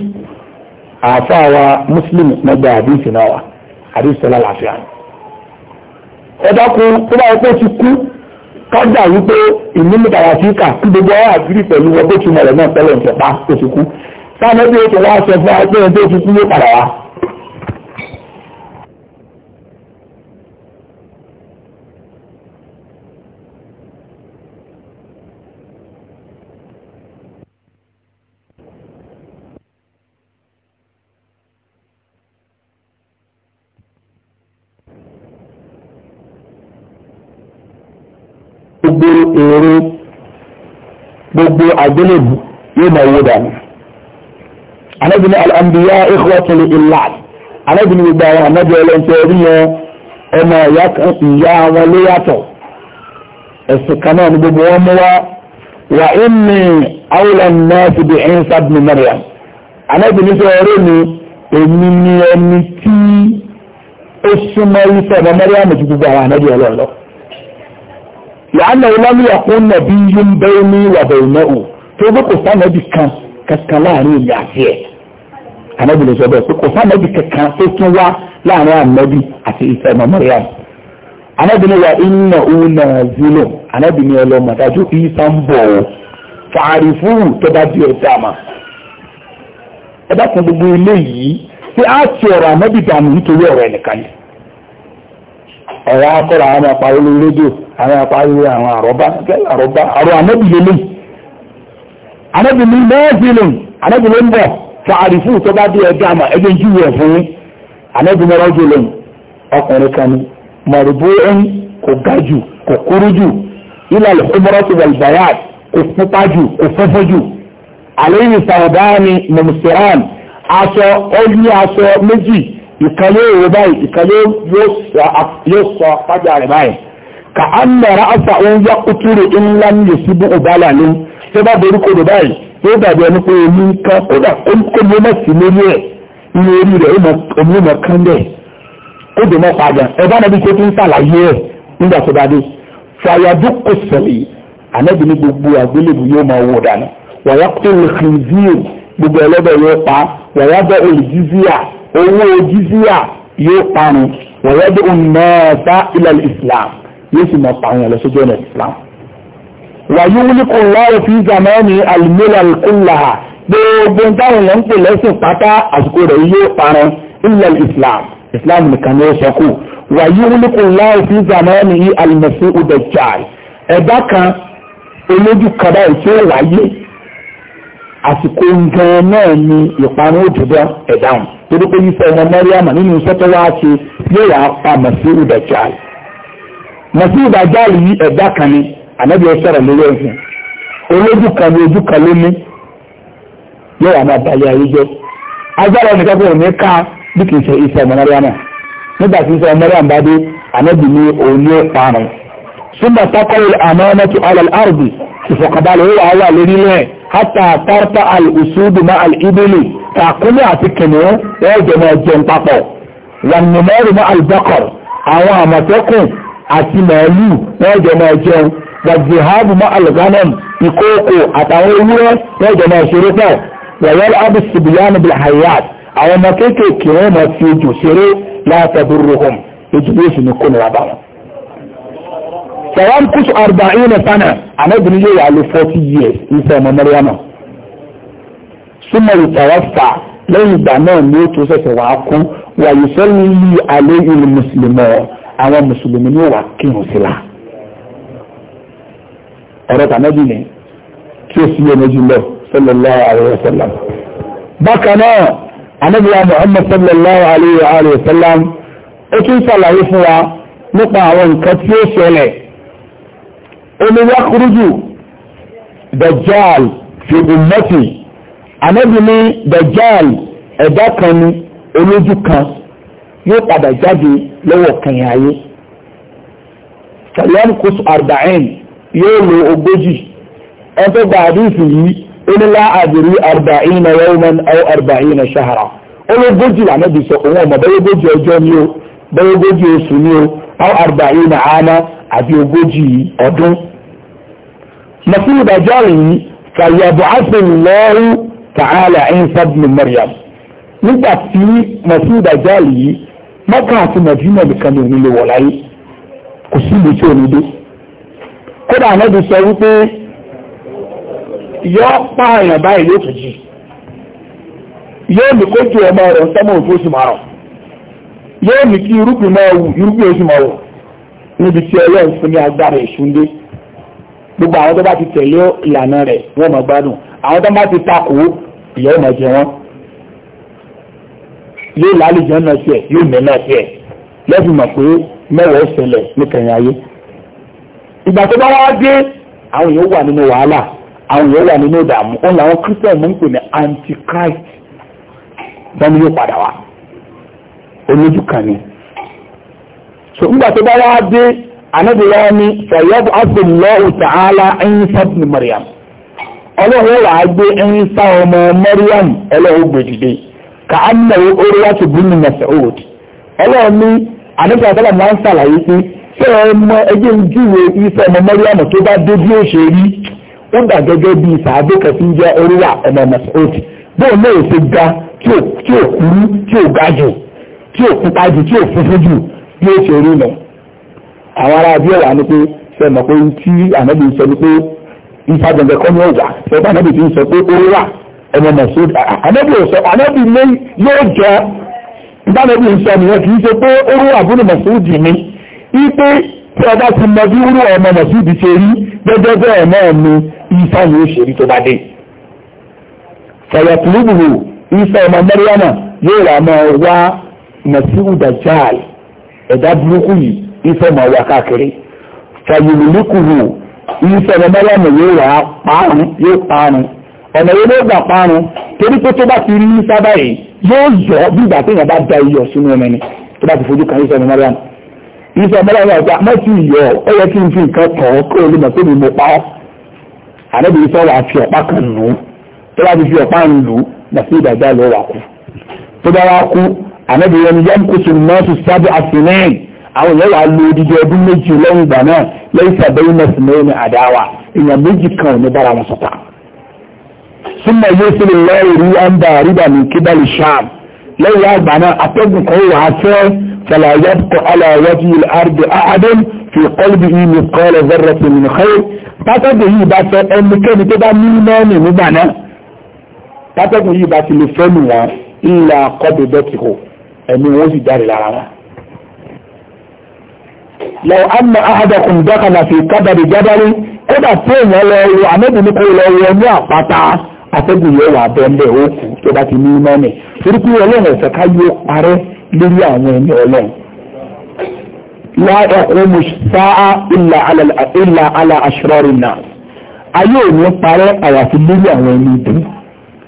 àfáàwà muslim mẹgbẹ àdìsí náà wà àdìsí náà làáfíà ẹ dákun tó bá wọ́pẹ́ ti kú kọ́dà wípé ìmúlùkà àfíríkà kí gbogbo ọwọ́ àfírí pẹ̀lú ọgbẹ́ tí mo rẹ̀ náà tẹ́lẹ̀ ń tẹ̀pá tó ti kú sáà mẹ́bí ó ti wá sọ fún ẹgbẹ́ tó ti kú ló padà wá gbogbo èrè gbogbo àgbélébù yóò máa wó dànù anábìnrin al'ambiya ikhwatun ilá anábìnrin gbogbo àwọn anábì ọlọ́ntẹ́ orí yẹn ọmọ ìyá wọn ló yàtọ̀ ẹ̀sìn kan náà ni gbogbo wọn mú wá wà ní àwòrán náà ti di ẹ̀yìn sábìnrin Maryam anábìnrin sọ orí mi èmi ni ẹni tí ó súnmọ́ ìfẹ́ ọmọ Maryam ti gbogbo àwọn anábì ọlọ́ọ̀lọ́ làánà ìlànà ìyàkùn nàbí yóò ń bẹ́ ní wàbẹ̀ ìnáwó tó bó kò sánàbì kan kankan láàrin ìyá àti ẹ̀ ànábì lè sọ bẹ́ẹ̀ pé kò sánàbì kankan tó tún wá láàrin ànábì àti ìfẹ́ mọ̀mọ́rìá ànábì ni wà iná òun náà zílò ànábì ni ọlọ́mọ dájú ìfà ń bọ̀ ọ́ fàárì di ọ̀dà mà ẹ bá kan gbogbo ilé yìí a ti ọ̀rọ̀ ànábì dànù nítorí ọ̀rọ̀ ẹnìkan yìí ọ̀rọ̀ akọ́rọ̀ àwọn àpárí lórí rédíò àwọn àpárí àwọn àrọ́bá àrọ́bá àrọ́ anábìlélé anábìlé mẹ́ẹ̀fìlì ń bọ̀ fún àrífù tó bá dé ẹgbẹ́ àmà ẹgbẹ́ júwẹ̀ fún anábìlé rọ́jòlè ọkùnrin kan ìkàlẹ́ òwò báyìí ìkàlẹ́ yóò sọ pàjá rẹ̀ báyìí ka an mara asa òun yá kútúrò ńlá ní lè sí bún ọ̀bálà ní tó bá borí kodò báyìí tó dàbí ẹni pé omi ń kán ó dà kó ní ọmọ sí lórí ẹ̀ ní orí rẹ̀ omi ọmọ kán bẹ́ẹ̀ ó dè mọ́ padà ẹ̀bá nàbí owó jíjíà yóò parun wọ̀yẹ́dẹ́ òmìnira ilẹ̀ islam yóò sì mọ̀ pàwọn ẹ̀lọ́sọ́jọ́ ilẹ̀ islam wàyí wúlíkù lọ́rọ̀ fi zamani alimila kullaha gbogbo táwọn èèyàn ń pè lẹ́sìn pátá àsìkò rẹ̀ yóò parun ilẹ̀ islam islam nìkan ni ó sọkù wàyí wúlíkù lọ́rọ̀ fi zamani alimasi udajjal ẹ̀dá kan olójú kaba ìṣe wáyé àsìkò nǹkan náà ni ìparun òjòdó ẹ̀dáhùn torí pé yífẹ́ ọmọ mẹ́ríàmà nínú iṣẹ́ tó wá ṣe yóò wá pa mọ̀síwù dàjáàlì mọ̀síwù dàjáàlì yí ẹ̀dá kan ni ànábì ọ̀sọ̀rọ̀ lórí ẹ̀sìn olójú kan ní ojú kan ló ní yóò wá máa balẹ̀ ayé jẹ́ agbára ẹnìkan kò ní ká bí kì í ṣe iṣẹ́ ọmọ mẹ́ríàmà nígbà tí iṣẹ́ ọmọ mẹ́ríàmà bá dé ànábì ní òun ní parun súnmọ́ tákọ́lù àmọ́ mẹ́tò alàlárùbì ìfọ̀kànbalẹ̀ ó wà wà lórílẹ̀ hátà tártà al-usudu ma al-ibili kàkúlé àti kìnìún wọ́n jẹ máa jẹun papọ̀ wọn ni mẹ́rin mọ́ albakar àwọn àmọ̀tẹ́kùn àti màálù wọ́n jẹ máa jẹun wàjíháàbù mọ́ alghanam ìkóòkò àtàwọn ewúrẹ́ wọ́n jẹ máa sọ̀rọ̀ ń kúṣù arba'ina sana àmọ́ yóò wà lé forty years ní sẹ́yìn mọ́mọ́rẹ́ náà súnmọ́ ìtàwọ́fà lẹ́yìn ìgbà náà ni ó tó ṣẹ̀ṣẹ̀ wàá kú wàyí sẹ́ni yí alẹ́ ìlú mùsùlùmọ́ àwọn mùsùlùmí ní wàá kírun sí la. ọ̀rọ̀ tànẹ́bì ni tí ó sì yẹ méjì lọ sallallahu alaihi wasallam. bákan náà anábìyà muhammad sallallahu alaihi wasallam ó tún ṣàlàyé fún wa nípa àwọn nǹkan tí ó ṣẹlẹ̀ omi wákúrújù dajjal fi ummati ànábì ní dajjal ẹ̀dá kan ní olójú kan yóò padà jáde lọ́wọ́ kẹyìn ayé salam kus arba'in yóò lo ogójì ẹn tó gba àdúrà yìí ó ní lá àdìrí arba'in na yawman aw arba'in na shahara ológójì lànàbì sọ òun ọmọ bẹ́ẹ̀ ogójì ọjọ́ ni ó bẹ́ẹ̀ ogójì oṣù ni ó aw arba'in na àná àbí ogójì ọdún. masiru dajjal yìí fàyàbọ̀ àfẹ́ lọ́rùn ta'ala Isa ibn Maryam nígbà tí Masih Dajjal yìí Mẹ́kà àti Mẹdínà nìkan ní onílé wọ̀ láyé kò sí ìlú tí ò ní dé kódà Ànábì sọ wípé yọ pààyàn báyìí yóò tún jì yóò ní kó ju ọmọ rẹ̀ sọ́mọ̀ òfin oṣù márùn yóò ní kí irúgbìn máa wù irúgbìn oṣù máa níbi tí Ọlọ́run fún ní agbára ìṣúndé gbogbo àwọn tó bá ti tẹ̀lé ìlànà rẹ̀ wọ́n máa gbádùn àwọn tó bá ti takò ìyá ọmọ jẹ wọn yóò lálejò náà sí yóò mẹ náà sí lẹ́bi mọ̀ pé mẹ́wàá ṣẹlẹ̀ níkẹyìn ayé ìgbà tó bá wá dé àwọn wà nínú wàhálà àwọn yóò wà nínú ìdààmú wọn làwọn christian mú ń pè ní antichrist wọn ni yóò padà wá olójú kan ni so tó bá wá dé mariam ọlọ́run wà á gbé ẹyin sá ọmọ Mariam ọlọ́run gbèdìde ká á nà ó orí láti bùnú Mas'ud ọlọ́run ní àdéhùn àtàlà máa ń ṣàlàyé sí ṣé ọmọ ẹgbẹ́ ìjúwe ìfẹ́ ọmọ Mariam tó bá dé bí ó ṣe rí ó dà gẹ́gẹ́ bí sàádé kẹfí ń jẹ́ oríwà ọmọ Mas'ud bóun náà ò ṣe ga tí ò kúrú tí ò ga jù tí ò pupa jù tí ò funfun jù bí ó ṣe rí lọ àwọn ará abíọ́lá ni pé ṣe mọ̀ pé tí ànábì ìfà gbẹ̀gbẹ̀ kọ́ ní ọjà ṣẹ̀dá anábì ti ń sọ pé ó wà ọmọ masoud anábì ò sọ anábì lé yóò jọ ìdánábì ń sọ nìyẹn kì í ṣe pé ó wà fún masoud mi ipe tí ọba ti mọ bí wúrú ọmọ masoud ṣe rí gẹ́gẹ́ bẹ́ẹ̀ náà ni ìfà yóò ṣe rí tó bá dé fọyọ̀tìlúbùrù ìfà ọmọ mẹ́ríàmà yóò rà mọ́ wá masiwu dajjal ẹ̀dá burúkú yìí ìfẹ́ máa wà káàkiri fàyìlúlùkùrù ìṣẹ́ ọmọ mẹ́rẹ̀mù yóò wà pààrùn yóò pààrùn ọ̀nà yóò gbà pààrùn torí pé tó bá ti rí ní sábà yìí yóò yọ bí ìgbà tí èèyàn bá da iyọ̀ sínú ọmọ ẹni tó bá ti fojú kan ìṣẹ́ ọmọ ìṣẹ́ ọmọ ọ̀gá má ti ó yẹ kí n fi nǹkan tọ̀ ọ́ kó o lè mọ̀ mo pa ọ́ àdébìí sọ wà fi ọ̀pá kan nù ú tó bá ti fi ọ̀pá ń lù ú nàfi ìdàgbà lọ wà kú àwọn èèyàn wà lo odidi ọdún méjì lẹ́yìn ìgbà náà lẹ́yìn sàbẹ́yìn mẹ́sìn mẹ́rin ní àdáwà èèyàn méjì kan ò ní bára wọn sọ̀tà súnmọ́ yóò sì lè rí àǹbá àríbà ní kíbálì sham lẹ́yìn àgbà náà atẹ́gùn kan wà á fẹ́ فلا يبقى على وجه الارض احد في قلبه مثقال ذرة من خير tátẹ́gùn yìí bá fẹ́ ẹnikẹ́ni tó bá ní mẹ́rin nígbà náà tátẹ́gùn yìí bá ti lè fẹ́ ẹ̀mí wọn sì jáde wọn lọ amma ahadakun dákàlà fi kábàdì jábárí kódà tí èèyàn lọ wo amẹ́bí ní kó lọ wọ ní àpáta atẹ́gùn yóò wà bẹ́ẹ̀lẹ̀ òkú tó bá ti ní iná nì torí pé ọlọ́run ẹ̀fẹ́ ká yóò parẹ́ lórí àwọn ẹni ọlọ́run la ẹ̀kọ́ sáà ìlà ala aṣọ́rọ̀ náà ayé òní parẹ́ àyàfi lórí àwọn ẹni ìdí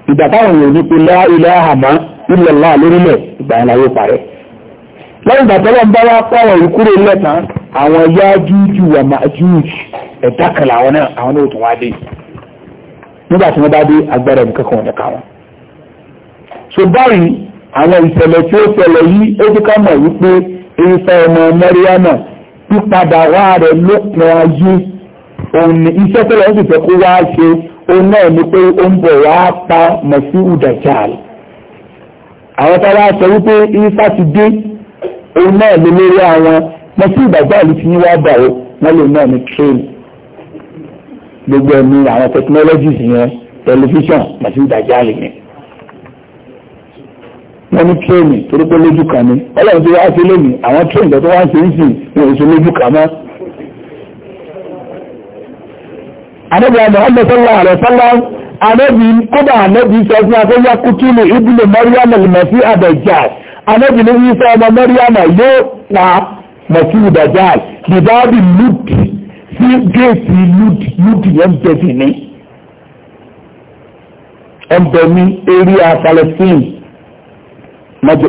ìgbà táwọn èèyàn pé láìláhàmá ilẹ̀ lórílẹ̀ ìgbà ẹ̀ lẹ́yìn ìgbà tọ́lọ́ ń bá wá pàwọ̀ ìkúrò lẹ́tàn àwọn Yájújù wà Májújù ẹ̀dá kan làwọn náà àwọn náà tó wá dé nígbà tí wọ́n bá dé agbára nǹkan kan ọ̀dẹ̀ka wọn. so báyìí àwọn ìṣẹ̀lẹ̀ tí ó ṣẹlẹ̀ yìí ó ti ká mọ̀ wípé irúfẹ́ ọmọ mẹ́ríámà pípadà wá rẹ̀ lópin ni iṣẹ́ tẹ́lẹ̀ ó sì fẹ́ kó wá ṣe òun náà ni pé ó ń bọ̀ wá pa Masihu Dajjal àwọn tá sọ wípé irúfẹ́ òun náà lè lórí àwọn mọ́tí ìgbàgbọ́ àlè ti ní bà ó wọ́n lè náà ní train gbogbo ẹni àwọn technologies yẹn tẹlifíṣàn mọ́tí ìgbàgbọ́ àlè yẹn wọ́n ní tírénì torí pé lójú kan ní ọlọ́run tí wọ́n ṣe lónìí àwọn tírénì tó wọ́n ṣe ń ní òṣù lójú kan mọ́. anábì Muhammad sallallahu alaihi wasallam anabi kódà anábì sọ fún akẹ́yà ibùdó anábìnrin Isa ọmọ mẹ́ríàmà yóò pa mọ̀síwù dajjal bìbáàbì lùdì sí géètì lùdì lùdì ẹ̀ǹbẹ̀bì ní ẹ̀ǹbẹ̀ ní eria Palestine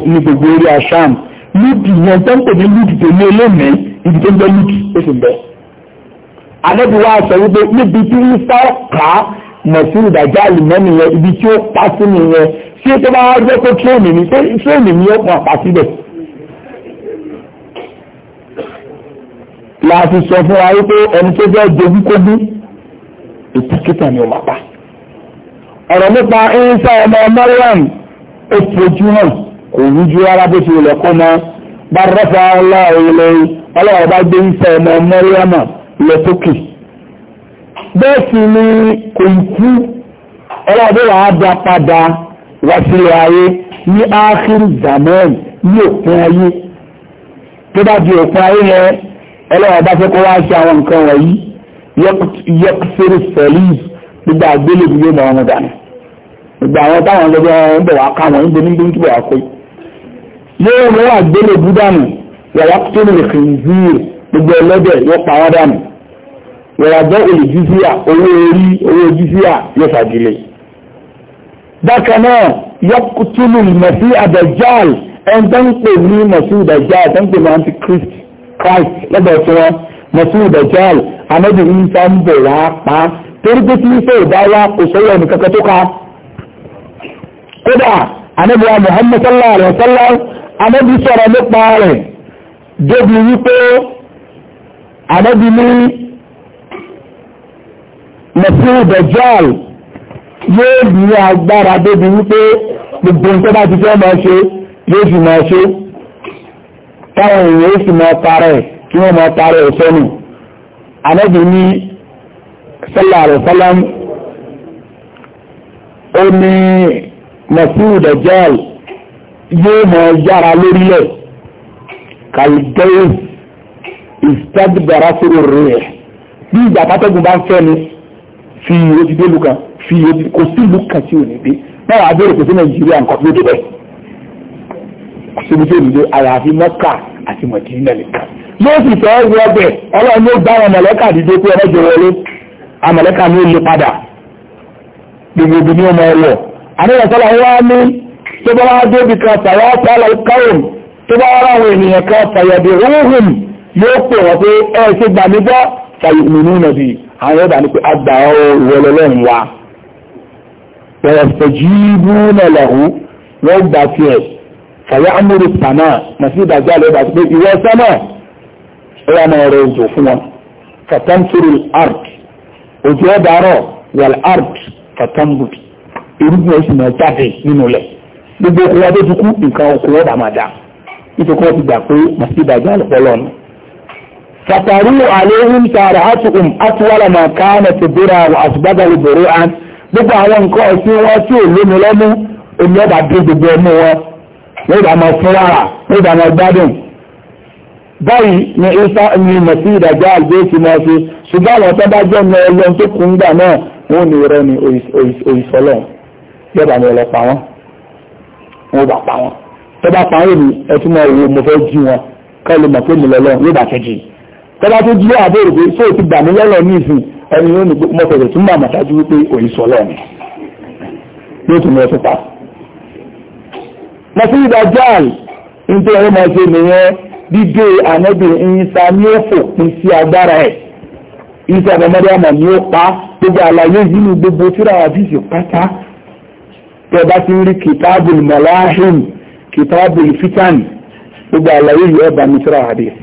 ní gbogbo eria Sham lùdì yẹn tó ń pè ní lùdì tó ní elémìí ibi tó ń bẹ lùdì ó sì ń bẹ anábì wa sọ wípé níbi tí Isa ọ̀ka mọ̀síwù dajjal mẹ́niyẹn ibi tí ó pa sí nìyẹn tí ó tó bá jẹ́ tó tírèmì ní tírèmì ní ọ̀pọ̀ àpàtíbẹ̀ láti sọ fún wa wípé ẹni tó jẹ́ jogúkógún ìtàkìtà ni ọmọ pa ọ̀rọ̀ nípa ẹ̀ńsá ọmọ Mariam ó fojú hàn kò rújú rárá bó ti rẹ̀ kọ́ mọ́ bá rọ́fà ọlọ́ọ̀lẹ́ ọlọ́wọ́ bá gbé ẹ̀ńsá ọmọ Mariam lọ sókè bẹ́ẹ̀ sì ni kò ń kú ọlọ́ọ̀dọ́ wàá dá padà wá sílẹ̀ ayé ní áàkiri zamani ní òpin ayé tó bá di òpin ayé yẹn ẹlẹ́wọ̀n bá fẹ́ kó wá ṣe àwọn nǹkan wọ̀nyí yẹ́kùsẹ́rì sẹ́líf gbogbo àgbélébù yóò mọ̀ wọn dànù ìgbà àwọn táwọn ọlọ́gbẹ́ wọn ń bọ̀ wá ká wọn ń bọ̀ níbi ń túbọ̀ wá pé yóò mú àgbélébù dànù yàrá tó lè kì í zí gbogbo ẹlẹ́dẹ̀ yóò pa wọn dànù yàrá jẹ́ olùjíṣíà owó orí owó jíṣíà yóò ṣàdílé bákan náà yọkùtùlù mẹ̀sí àdẹ̀jáàl ẹni tó ń pè ní mẹ̀sí àdẹ̀jáàl tó ń pè ní antichrist christ lọ́dọ̀ tí wọ́n mẹ̀sí àdẹ̀jáàl amẹ́bí ń sá ń bọ̀ wá pa torí pé tí ń fẹ́ ìdá wa kò sọ́wọ́ ẹnì kankan tó ka kódà anẹ́bí wa muhammed sallallahu alayhi wa sallam anẹ́bí sọ̀rọ̀ nípa rẹ̀ débi wípé anẹ́bí ní mẹ̀sí àdẹ̀jáàl yóò ní agbára débi wípé gbogbo tó bá ti fẹ́ máa ṣe yóò fi máa ṣe táwọn èèyàn yóò fi máa parẹ́ kí wọ́n máa parẹ́ ìfẹ́nu Ànábì ní sọ́làrẹ̀ sọ́lám ó ní mọ̀síwù dẹ̀jẹ́l yóò máa yára lórílẹ̀ kàlùdẹ́yìn ìsẹ́gbẹ̀rẹ́ fúru rẹ̀ bí ìgbà pátẹ́gùn bá ń fẹ́ ni fi ìrètí délùkan fi omi kò sí ìlú kan tí ò ní dé náà abẹ́rẹ́ kò sí nàìjíríà nǹkan tó dé bẹ́ẹ̀ kò sí ibi tí ò ní dé àyàfi mọ́kà àti mọ̀dínà nìkan yóò sì fẹ́ wọbẹ̀ ọlọ́run ló gbá àwọn mọ̀lẹ́kà dídé pé ọlọ́jọ́ wọlé àmọ̀lẹ́kà ní olè padà gbogbo ibi ní ọmọ ọwọ́ àníyàn sọ́la wá ní tó bá wá débi kan tàwa sọ́la káwọn tó bá wá àwọn ènìyàn kan fàyàdé yastajibuna lahu wọ́n gbà tiẹ̀ fàyà amúrú sàmà màsí ìdájọ́ àlọ́ ìdájọ́ pé ìwọ sàmà ẹ̀yà náà rẹ̀ òjò fún wọn fàtàntúrù art òjò ọ̀dàrọ̀ wàl art fàtàntúrù irúgbìn oṣù náà jáde nínú lẹ̀ gbogbo ọkùnrin adójúkú nǹkan ọkùnrin ọ̀dà máa dá nítorí wọ́n ti gbà pé màsí ìdájọ́ àlọ́ pọ́lọ́nù fàtàrú àléhùn tààrà àtùkùn àtúwàlà màkánà tìbúra wà gbogbo àwọn nǹkan ọ̀sìn wọn tí ò lómi lọ́mú omi ọba dé gbogbo ọmú wọn ní ìdámọ̀ fún wàrà ní ìdámọ̀ gbádùn báyìí ni isa ni mọ̀sí ìdájọ́ àgbé ti mọ̀ sí ṣùgbọ́n àwọn tó bá jẹ́ ọmọ ọlọ́run tó kù ń gbà náà wọ́n ní irọ́ ni òyìsọ́lọ́ yọba ni ọlọ́pa wọn wọ́n bá pa wọn tó bá pa wọn èmi ẹtí mọ̀ owó mo fẹ́ jí wọn kọ́ lè mọ̀ pé mi lọ́lọ́run yóò bá kẹ́jì yìí tọ́lá tó jí àbóòrò pé fóò ti gbà mí lọ́lọ́ ní ìsìn ẹni yóò ní mọ́ fẹ̀rẹ̀ tún máa màtájú wípé òyì sọ lọ́ọ̀nì yóò tún lọ sípa mọ̀ sí ìdá jáàl ní tó ẹ̀rọ máa ṣe nìyẹn dídé ànẹ́bì ìyínsá ní ó fòpin sí agbára ẹ̀ ìyínsá ọmọ mọ́ríàmọ̀ ni ó pa gbogbo àlàyé yìí ní gbogbo tíra àdìsí pátá tẹ́ bá ti ń rí kìtáàbùl mọ̀láhìn kìtáàbùl fítàn gbogbo àlàyé yìí ọba ní tíra àdìsí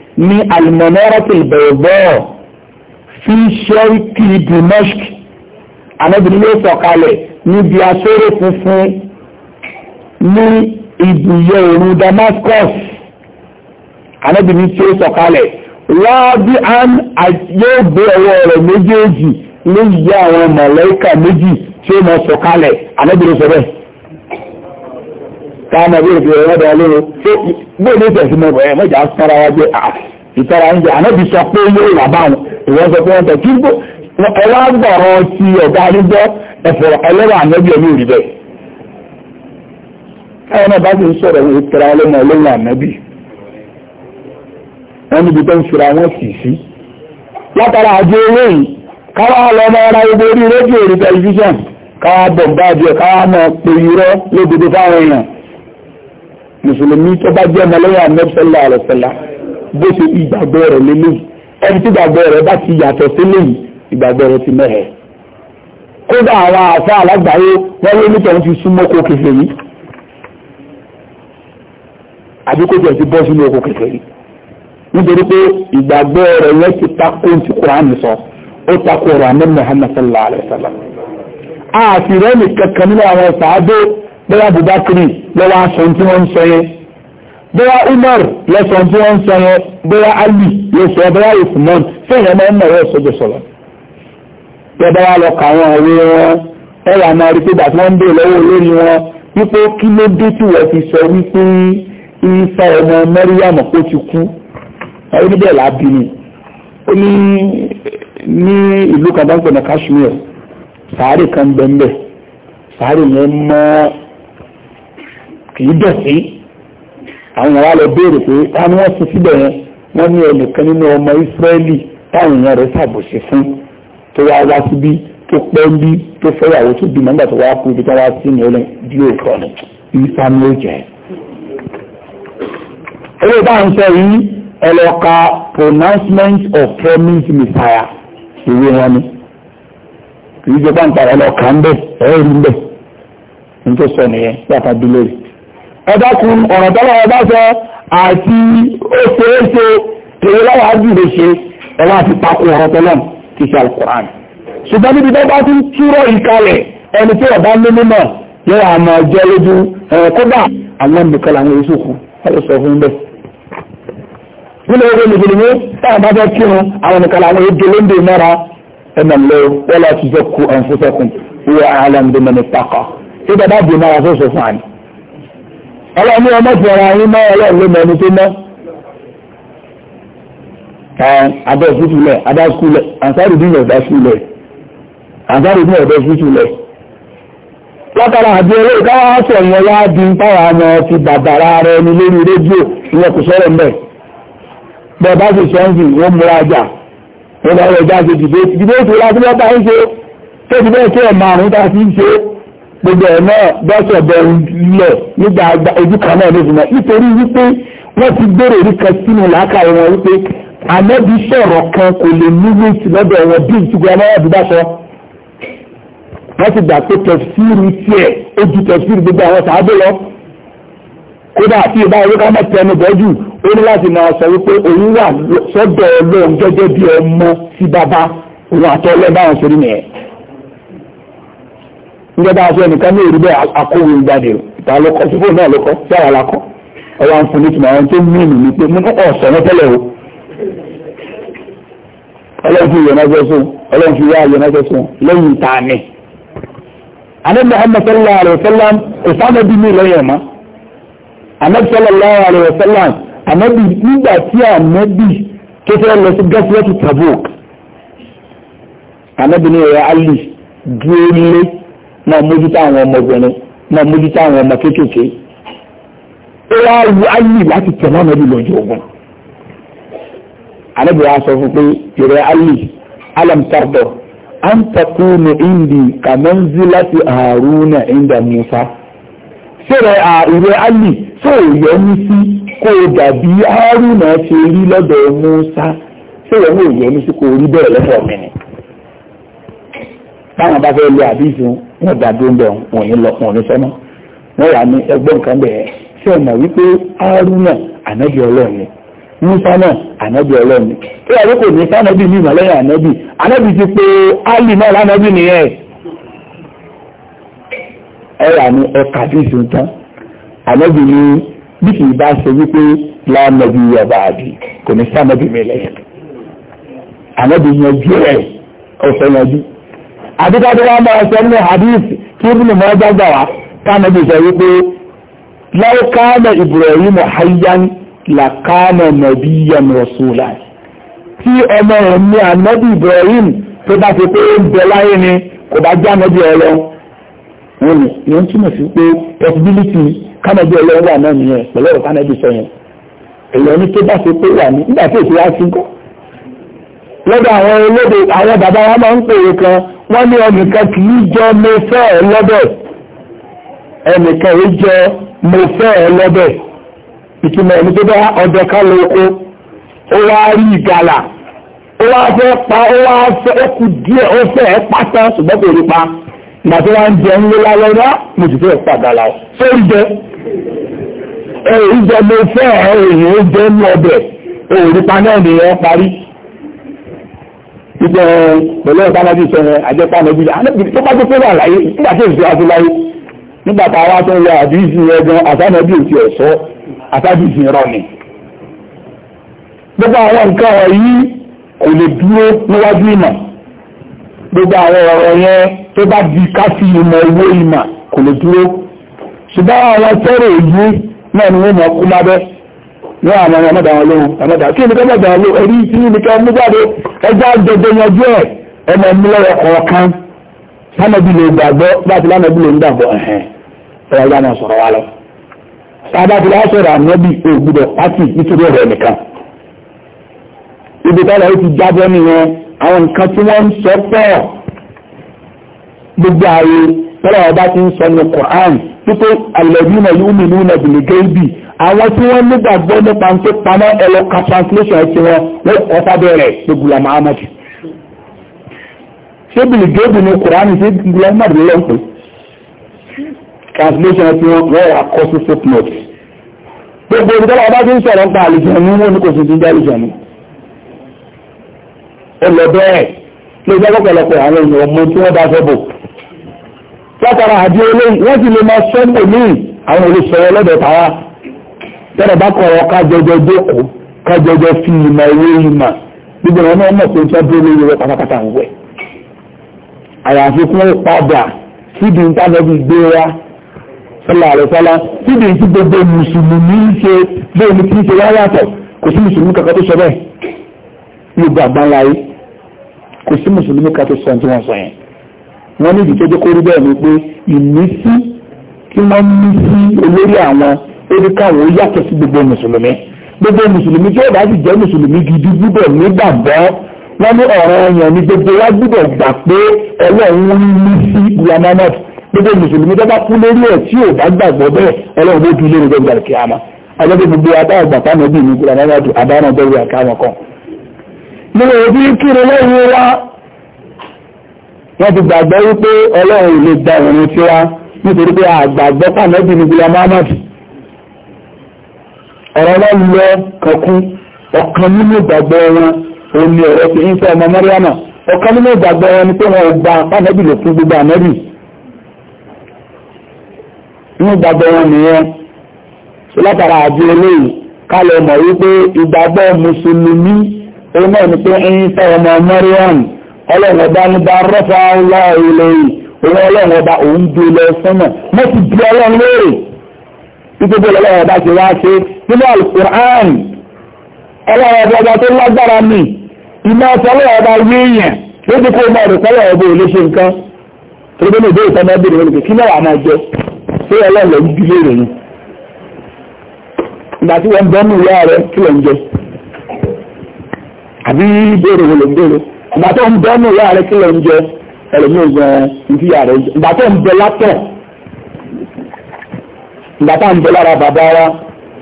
ní alimọ̀nọ́rọ́tì ìbẹ̀rẹ̀bọ̀ fi ṣẹ́ríkì dimashq anábìrin yóò sọ̀kalẹ̀ níbi asọ́rọ̀ funfun ní ibùyẹ òru Damascus anábìrin tí ó sọ̀kalẹ̀ wáábí an yóò gbé ọwọ́ rẹ̀ méjèèjì lóyìí àwọn mọ̀lẹ́kà méjì tí ó mọ̀ sọ̀kalẹ̀ anábìrin sọ káàmà bí òfin ọ̀rọ̀ ọ̀dọ̀ ọlọ́run ṣé bóyá ní ìtẹ̀sí mọ̀ ẹ̀ mọ̀jà sára wa jẹ́ ìtara ń jẹ́ ànábi sọ pé yóò rà báwọn ìwọ́n sọ pé wọ́n tẹ̀ kí ẹwà gbọ̀rọ̀ ti ọ̀gá nígbọ́ ẹ̀fọ̀rọ̀ ẹlẹ́wà ànábi ẹ̀mí òrì bẹ́ẹ̀. káwọn náà bá ti ń sọ̀rọ̀ wọn ìtara ọlọ́mọ ọlọ́run ànábi wọn níbi tó ń fira wọn sì sí. látara àjẹ owó yìí káwọn ọlọ́mọ ara gbogbo orí rédíò orí tẹlifíṣàn káwọn bọ̀ bá mùsùlùmí tó bá jẹ́ ọmọlẹ́yìn anẹ́bísọ́lá àlọ́sọ́lá bó ṣe ìgbàgbọ́ rẹ̀ lélẹ̀ ẹni tí ìgbàgbọ́ rẹ̀ bá ti yàtọ̀ sílẹ̀ yìí ìgbàgbọ́ rẹ̀ ti mẹ́hẹ̀. kódà àwọn àfa alágbàáyé wọ́n lé nítorí ti súnmọ́ kó kẹfẹ́ yìí àbí kó jẹ́ ti bọ́ sínú oko kẹfẹ́ yìí nítorí pé ìgbàgbọ́ rẹ̀ yẹn ti takò ti Kùránì sọ ó takò ọ̀rọ̀ anẹ́bísọ́lá àlọ́sọ́lá bóyá Abubakari lọ́wọ́ aṣọ tí wọ́n ń sọ yẹn bóyá Umar lọ́sọ tí wọ́n ń sọ yẹn bóyá Ali lọ́sọ bóyá Usman fẹ́ẹ̀ yẹn máa ń mọ̀ ẹ̀ sọ́jọ́ sọ̀rọ̀ bẹ́ẹ̀ bá wà lọ kà wọ́n ọ̀rẹ́ wọn ẹ̀ wà máa rí pé bàtí wọ́n ń bè lọ́wọ́ olórí wọn wípé kí ló dé tí wọ́n ti sọ wípé Isa ọmọ Maryam kó ti kú ẹ̀rí níbẹ̀ làbí ni ó ní ní ìlú kan bá ń pè ní Kashmir sàárè kan bẹ́ẹ̀ sàárè yẹn mọ́ kìí dọ̀tí àwọn wa lọ béèrè pé ta ni wọ́n ti síbẹ̀ yẹn wọ́n ní ẹnìkan nínú ọmọ Ísírẹ́lì táwọn èèyàn rẹ̀ ṣàbòsí fún tó wá wá síbí tó pẹ́ ń bí tó fẹ́yàwó tó bímọ nígbà tó wá kú ibi tó wá sí ní ọlẹ́ bí òkò ni ìsá ni ó jẹ́. owó bá ń sọ yìí ẹlọ́ka pronouncement of promised messiah ìwé wọn ni kì í jẹ́ bá ń tara ẹlọ́ka ń bẹ̀ ẹ̀rí ń bẹ̀ ní tó sọ nìyẹn bí lórí ẹ̀dákun ọ̀rọ̀ tọ́lọ́ ọba sọ àti oṣooṣo tèrè láwọn àjùlé ṣe ẹ̀wọ́n àti pakó ọ̀rọ̀ tọ́lọ́ ti ṣe alukur'an ṣùgbọ́n níbi tó bá tún túrọ̀ ìkalẹ̀ ẹni tí ọ̀bá ní mímọ̀ yóò àmọ́ jẹ́ lójú kódà àwọn nìkan làwọn èso kù wọ́n sọ fún bẹ́ẹ̀. nínú owó mùsùlùmí táwọn bá fẹ́ kírun àwọn nìkan làwọn èso lóńdè mọ́ra ẹ̀nà lọ wọ́n láti jẹ́ ku ẹ̀fúnṣẹ́kùn wọ́n àlàmdé mẹ́ni pàkọ́ tí bàbá dì náà wọ́n sọ fún àná ọlọ́ni ọmọ jọra yín mọ́ ọlọ́run ló mẹ́ni tó mọ́ adá òfútulẹ̀ adá skulẹ̀ àǹsáàrù bí ọ̀dá skulẹ̀ àǹsáàrù bí ọ̀dá òfútulẹ̀ látara àbí eré ìkáwá sọ ìyẹn wá di táwọn ọmọ ti bàbàrà rẹ ni lórí rédíò ìyẹn kò sọ̀rọ̀ mbẹ̀ bẹ́ẹ̀ bá sì sọ́ǹdì wọ́n múra jà wọ́n bá rẹ̀ jáde dìbò dìbò tó láti lọ́ta ń ṣe tó dìbò tó ẹ̀ márùn-ún tá a ti ń ṣe gbogbo ẹ̀ náà bọ́sẹ̀ bẹ̀rù lẹ̀ nígbà ojú kan náà ló fìmọ̀ nítorí wípé wọ́n ti gbèrò orí kan sínú làákàyè wọn wípé ànábi sọ̀rọ̀ kan kò lè ní wíìtì lọ́dọ̀ wọn bí ìtúgbẹ́ ọmọ ọ̀dùn bá sọ. wọ́n ti gbà pé tẹ̀síìrì tiẹ̀ ojú tẹ̀síìrì gbogbo àwọn sàábò lọ. kódà àti ìbá orí ká mọ̀ tẹnu bọ́ jù ó ní láti máa sọ wípé òun wà sọ́dọ̀ ọlọ́run gẹ́gẹ́ bí ọmọ sí bàbá òun àtọ́ ọlẹ́ báwọn ṣe rí nìyẹn níjọba aṣọ ẹnìkan ní èrúbẹ akóhùn ìjáde rò ìta lọkọ sípò náà lọkọ sí àwọn alakọ ọwọ àwọn fún nítorí àwọn tó mìíràn ní pé nínú ọ̀sán wọn tẹ́lẹ̀ o ọlọ́run fi yọ̀ náà jẹ́sùn ọlọ́run fi yọ̀ náà jẹ́sùn lẹ́yìn ìta ni. anabi muhammad sallallahu alayhi wa sallam ọ̀sán ẹbí mi lọ́yẹ̀ ọ̀ma anabi sallallahu alayhi wa sallam anabi nígbà tí anabi tó fẹ́ lọ sí gẹ́sìlẹ́tì tabuk anabi ni ẹ̀yà ali dúró nílé na mójútó àwọn ọmọbìnrin máa mójútó àwọn ọmọ kéékèèké ó wá wu ayé láti tẹ̀lé ànábì lọ́jọ́ ogun ànábì wa sọ fún pé ìrẹ́ ayé alamtardọ̀ an takunu indi kamanzilati haruna inda musa ṣẹlẹ̀ ìrẹ́ ayé tó yẹ ní sí kó o dàbí haruna ṣe rí lọ́dọ̀ musa ṣẹlẹ̀ ó yẹ ní sí kó o rí bẹ́ẹ̀ lọ́dọ̀ mi ni bá fẹ́ àbí fún un. wọn dà dúró bẹ̀ wọn ní lọ wọn ní sẹ́mọ́ wọn wà ní ẹgbẹ́ nǹkan bẹ̀ ẹ́ ṣé ẹ mọ̀ wípé Haruna ànábì ọlọ́run ni Musa náà ànábì ọlọ́run ni kí ẹ̀rọ kò ní sànábì ní ìmọ̀lẹ́yìn ànábì ànábì ti pé Ali náà lánàbì nìyẹn ẹ wà ní ọkà tí ìsìn tán ànábì ni bí kì í bá ṣe wípé lánàbì yọba àbí kò ní sànábì mi lẹ́yìn ànábì yanjú ẹ̀ ọ̀fẹ́ yanjú àbíkájú wa máa sọ ní hadith kí ibùdó máa jágbà wá kánàbí sọ wípé law kana Ibrahim hayyan la kana nabiyyan rasula tí ọmọ ẹ̀mí ànábì Ibrahim tó bá ti pé ń bẹ láyé ni kò bá já ànábì ọlọ́run wọn ni ìyẹn túmọ̀ sí pé possibility kánàbí ọlọ́run wà náà nìyẹn pẹ̀lú ọ̀rọ̀ kánàbí lọ́dọ̀ àwọn olóde àwọn bàbá wa máa ń pèrè kan wọ́n ní ẹnìkan kì í jọ mo fẹ́ ẹ lọ́bẹ̀ ẹnìkan ì jọ mo fẹ́ ẹ lọ́bẹ̀ ìtumọ̀ ẹni tó bá ọjọ́ ká lọ oko ó wá rí ìgalà ó wá fẹ́ pa ó wá fẹ́ ó kù díẹ̀ ó fẹ́ ẹ pátá ṣùgbọ́n kò rí pa màtí wá ń jẹ ń lé lálẹ́ rá mo sì fẹ́ pàgàlà sórí jẹ ẹ ìjọ mo fẹ́ ẹ èyí ó jẹ́ ní ọbẹ̀ òòrùpa náà nìyẹn parí ìjẹ́ pẹ̀lú ọ̀tá náà bí sọ yẹn àjẹpá náà bí tó bá tó fẹ́ràn àlàyé nígbà tó ìṣẹ́ àti láyé nígbà tá a wá tó ń lọ àdìsí yẹn gan àtànà bí òtí ẹ̀sọ́ àtàdìsí rọ ni. gbogbo àwọn nǹkan ọ̀rọ̀ yìí kò lè dúró níwájú ìmọ̀ gbogbo àwọn ọ̀rọ̀ yẹn tó bá di káfí ìmọ̀ owó ìmọ̀ kò lè dúró ṣùgbọ́n àwọn tẹ́rẹ̀ èyí náà ni wọ́n mọ̀ kú lábẹ́ ní àwọn ọmọ ọmọdà wọn lóhun ọmọdà kí ní kọ́mọ̀dà wọn lóhun ẹ̀rí tí ní ká mú jáde ẹjọ́ àjọjọ yanjú ẹ̀ ẹmọ mú lọ́wọ́ kọ̀ọ̀kan lánàbí lè gbàgbọ́ láti lánàbí lè ń dàgbọ́ ẹ̀hẹ́n ẹ̀rọ ìlànà sọ̀rọ̀ wa lọ. sábà tí wọ́n sọ̀rọ̀ ànábì ògbúdọ̀ pátì nítorí ọ̀rọ̀ nìkan. ibi tọ́lá ó ti jábọ́ nìyẹn àwọn nǹkan tí wọ́n ń sọ pọ̀ gbogbo ààyè tọ́lá ọba ti ń sọ ní Qur'an pípé alladhina yu'minuna bil-ghaybi àwọn tí wọ́n nígbàgbọ́ nípa ń tó pamọ́ ẹlọ́ka translation ẹ̀ tí wọ́n wọ́n ọ̀fà bẹ̀rẹ̀ tó gbùlà Muhammad ṣé bìlì gébù ní Kùránì sí gbùlà Muhammad ló ń pè translation ẹ̀ tí wọ́n wọ́n akọ́ sí footnote gbogbo ìdọ́lá ọba tí ń sọ̀rọ̀ nípa àlùjọ ní wọn ní kò sí ti jẹ́ àlùjọ ní ọlọ́dọ́ ẹ̀ ló jẹ́ pọ̀pọ̀lọpọ̀ àwọn èèyàn ọmọ tí wọ́n bá fẹ́ bò látara àdí olóyìn wọ́n sì lè máa sọ́ńdò míì àwọn olùsọ̀rọ̀ ọlọ́dọ̀ tàwa tọ́rọ̀ bá kọ̀rọ̀ kájọjọ jókòó kájọjọ fi ìmọ̀ ìwé ìmọ̀ gbogbo ọ̀nà ọmọ tó ń tọ́ dúró lórí rẹ̀ pátápátá ń wẹ̀. àyàfi fún ìpadà síbi ìtànẹ́bí gbé wa sọ́lá rẹ̀ sọ́lá síbi tí gbogbo mùsùlùmí ń ṣe bẹ́ẹ̀ ni kí ń ṣe wá yàtọ̀ kò sí mùsùlùmí kankan tó sọ bẹ́ẹ̀ ní gbogbo àgbáńlá yìí kò sí mùsùlùmí kankan tó sọ tí wọ́n sọ yẹn wọ́n ní ìdíjọ́jọ́ kórí bẹ́ẹ̀ ni pé ìmísí tí wọ́n ó ní káwọn ó yàtọ̀ sí gbogbo mùsùlùmí gbogbo mùsùlùmí tí ó bá sì jẹ́ mùsùlùmí gidi gbúdọ̀ nígbàgbọ́ wọ́n ní ọ̀rọ̀ ẹ̀yàn ní gbogbo wa gbúdọ̀ gbà pé ọlọ́run ń ní sí yamanot gbogbo mùsùlùmí tó bá kú lórí ẹ̀ tí ò bá gbàgbọ́ bẹ́ẹ̀ ọlọ́run bó dúró lórí gbogbo àlùkí àmà ajọ́gbé gbogbo adáàgbà táwọn ẹbí mi gbúdọ̀ náà dùn àdáná kan. mo rò kírun lẹ́yìn wa wọ́n ti gbàgbọ́ wípé ọlọ́run lè gba ìrìn tiwa nítorí pé àgbàgbọ́ táwọn ẹbí mi ọ̀rọ̀ wọn lọ kankú ọ̀kan nínú ìgbàgbọ́ wọn omi ọ̀rọ̀ ti ń fẹ́ ọmọ mọ́ríàmà ọ̀kan nínú ìgbàgbọ́ wọn ni pé wọ́n gba ànábì lè fún gbogbo ànábì nínú ìgbàgbọ́ wọn nìyẹn látara eléyìí mọ̀ wípé ọmọ ọlọ́run ọba ní bá rọ́fà ọlọ́run ọba òun lọ sọ́nà mọ́ ti di ọlọ́run ìgbogbo ọlọ́wọ́ ọba ṣe wá ṣe nínú alukur'an ọlọ́wọ́ ọba tó lágbára mi iná ọlọ́wọ́ ọba wíyàn ló ti kó ọmọ ọ̀rùn pẹ́lẹ̀ ọba ò lè ṣe nǹkan tó gbé níbi ìtàn náà bèrè wọlé kí náà máa jẹ tó yẹ lọ́lọ́ ìdílé rẹ̀ ni ìgbà tí wọ́n bẹ́ẹ̀ mú ìyá rẹ̀ kí wọ́n jẹ àbí bèrè wọlé bèrè ìgbà tó ń bẹ́ẹ̀ mú ìyá rẹ̀ kí wọ́n jẹ ẹlòmíràn ìgbà tó ń látọ̀ ìgbà tá à ń bẹ lára bàbá wa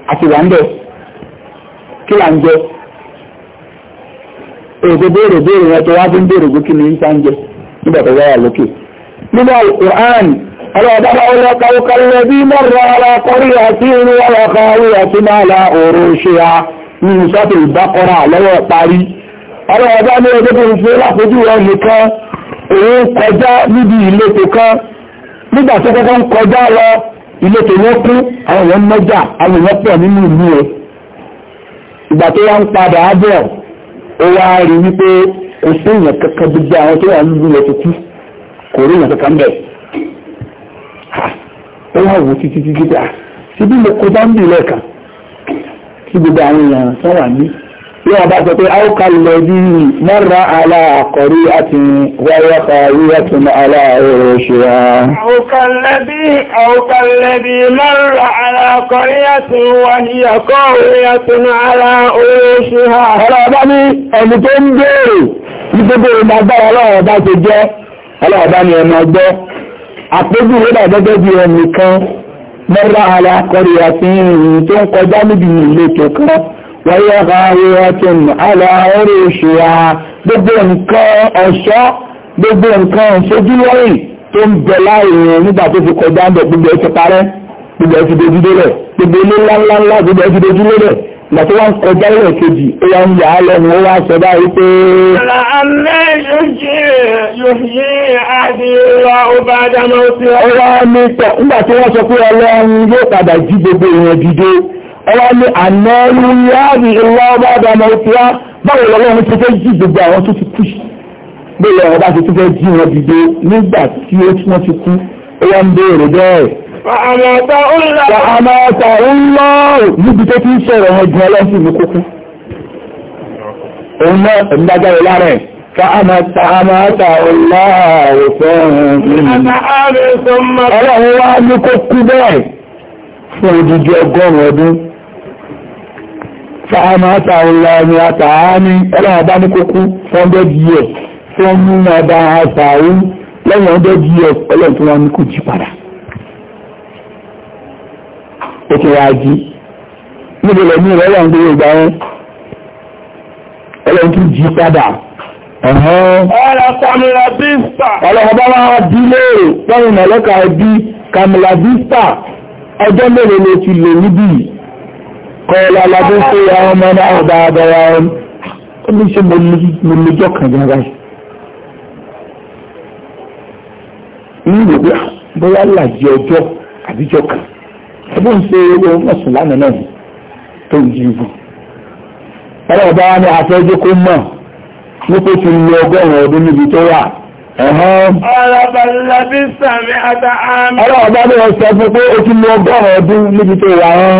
àti wà ń bẹ kí là ń jẹ èdè béèrè béèrè yẹn tó wá fi ń béèrè gbé kí ni ń sá ń jẹ nígbà tó wáyà lókè nínú alukur'an ọlọ́ọ̀dá bá wọlé kàwùkàlẹ̀ bí mọ́rọ̀ alákọ̀rí àti irú alákọ̀rí àti máa la òru ṣe a ní ìṣọ́tò ìbákọ́ra lọ́wọ́ parí ọlọ́ọ̀dá ní ọjọ́ tó ń fi láfojú wọn nìkan òun kọjá níbi ìletò kan nígbà tó kọ́kọ́ ń kọjá lọ ilé tó wọ́n kú àwọn èèyàn mọ́jà àwọn èèyàn pọ̀ nínú ìlú ẹ̀ ìgbà tó wá ń padà á bọ̀ ó wá rí wípé kò sí èèyàn kankan gbogbo àwọn tó wà nínú ẹ̀ tó kú kò rí èèyàn kankan bẹ̀ ó wá wò títí títí pé síbí mo kọjá ń bì lẹ́ẹ̀kan sí gbogbo àwọn èèyàn tó wà ní bí wọ́n bá sọ pé áwùká lọ bí mọ́ra aláàkọ̀rí àti wáyé kàrí ẹ̀tùn aláàrẹ̀ ṣíra. áwùká lẹ́bí mọ́ra aláàkọ̀rí àti wáyé kọ́rí ẹ̀tùn aláàrẹ̀ ṣíra. ọlọ́ọ̀bá ní ẹni tó ń béèrè ní gbogbo ìgbàgbára ọlọ́ọ̀bá ti jẹ́ ọlọ́ọ̀bá ni ẹ̀mọ́ gbọ́ àpéjú rẹ̀ gẹ́gẹ́ wọ́yẹ́ ọ̀háwẹ́ọ̀tún aláàárẹ̀ òṣèrà gbogbo nǹkan ọ̀ṣọ́ gbogbo nǹkan ṣojúlọ́rìn tó ń bẹ láàrin nígbà tó fi kọjá ń bẹ̀ gbogbo ẹ̀ ti parẹ́ gbogbo ẹ̀ ti dojú délẹ̀ gbogbo ilé ńláńláńlá gbogbo ẹ̀ ti dojú lélẹ̀ ìgbà tó wá ń kọjá lẹ̀ kejì ó wá ń yà á lẹ́nu ó wá sọ báyìí pé. ọlọ́run ní tọ̀ nígbà tí wọ́n sọ pé ọlọ́run yóò padà jí gbogbo èèyàn ọwọ́ ní àmẹ́rú láàbì ìlú ọba àdàmọ̀ òkúra báwo lọ́lọ́run ti fẹ́ jí gbogbo àwọn tó ti kú bẹ́ẹ̀ ọba ti tún fẹ́ jí wọn dìde nígbà tí ó tí wọ́n ti kú ó wọ́n ń béèrè bẹ́ẹ̀. àmọ́ ọ̀tà ńlọ níbi tó ti ń sọ̀rọ̀ wọn jù ọlọ́sìn ní kókó òun náà ẹ̀mí dájáre lára ẹ̀ fa'amata amata Allahu fẹ́ràn ọlọ́run wá ní kó kú bẹ́ẹ̀ fún odidi ọgọ́rùn-ún ọdún fàámàtà ọlọ́ni àtàání ọlọ́wọ́ bá ní kókú 100 years tí wọ́n mú wọn bá àṣàwú lẹ́yìn 100 years ọlọ́run tí wọ́n ní kò jí padà ó ti wá jí níbi ilẹ̀ ní ìrọ̀lẹ́ ń gbé ìgbà wọn ọlọ́run tún jí padà ẹbí kàmìlà ọjọ́ mélòó ló ti lò níbí kọ́ọ̀lá alábẹ́sọ ya ọmọ náà bá adára ọ́n ó ní ṣe mo lójọ́ kan jára ní ìwòwé bóyá làjẹ ọjọ́ àbíjọ kan ẹgbọ́n ń ṣe owó mọ̀sùn lánàá náà tó ń jí ibù ọlọ́run bá wá ní kó mọ̀ nípa ti lọ ọgọ́rùn-ún ọdún níbi tó wà ọlọ́run bá ní ọ̀sẹ̀ fún pé ó ti lọ ọgọ́rùn-ún ọdún níbi tó wà ẹ́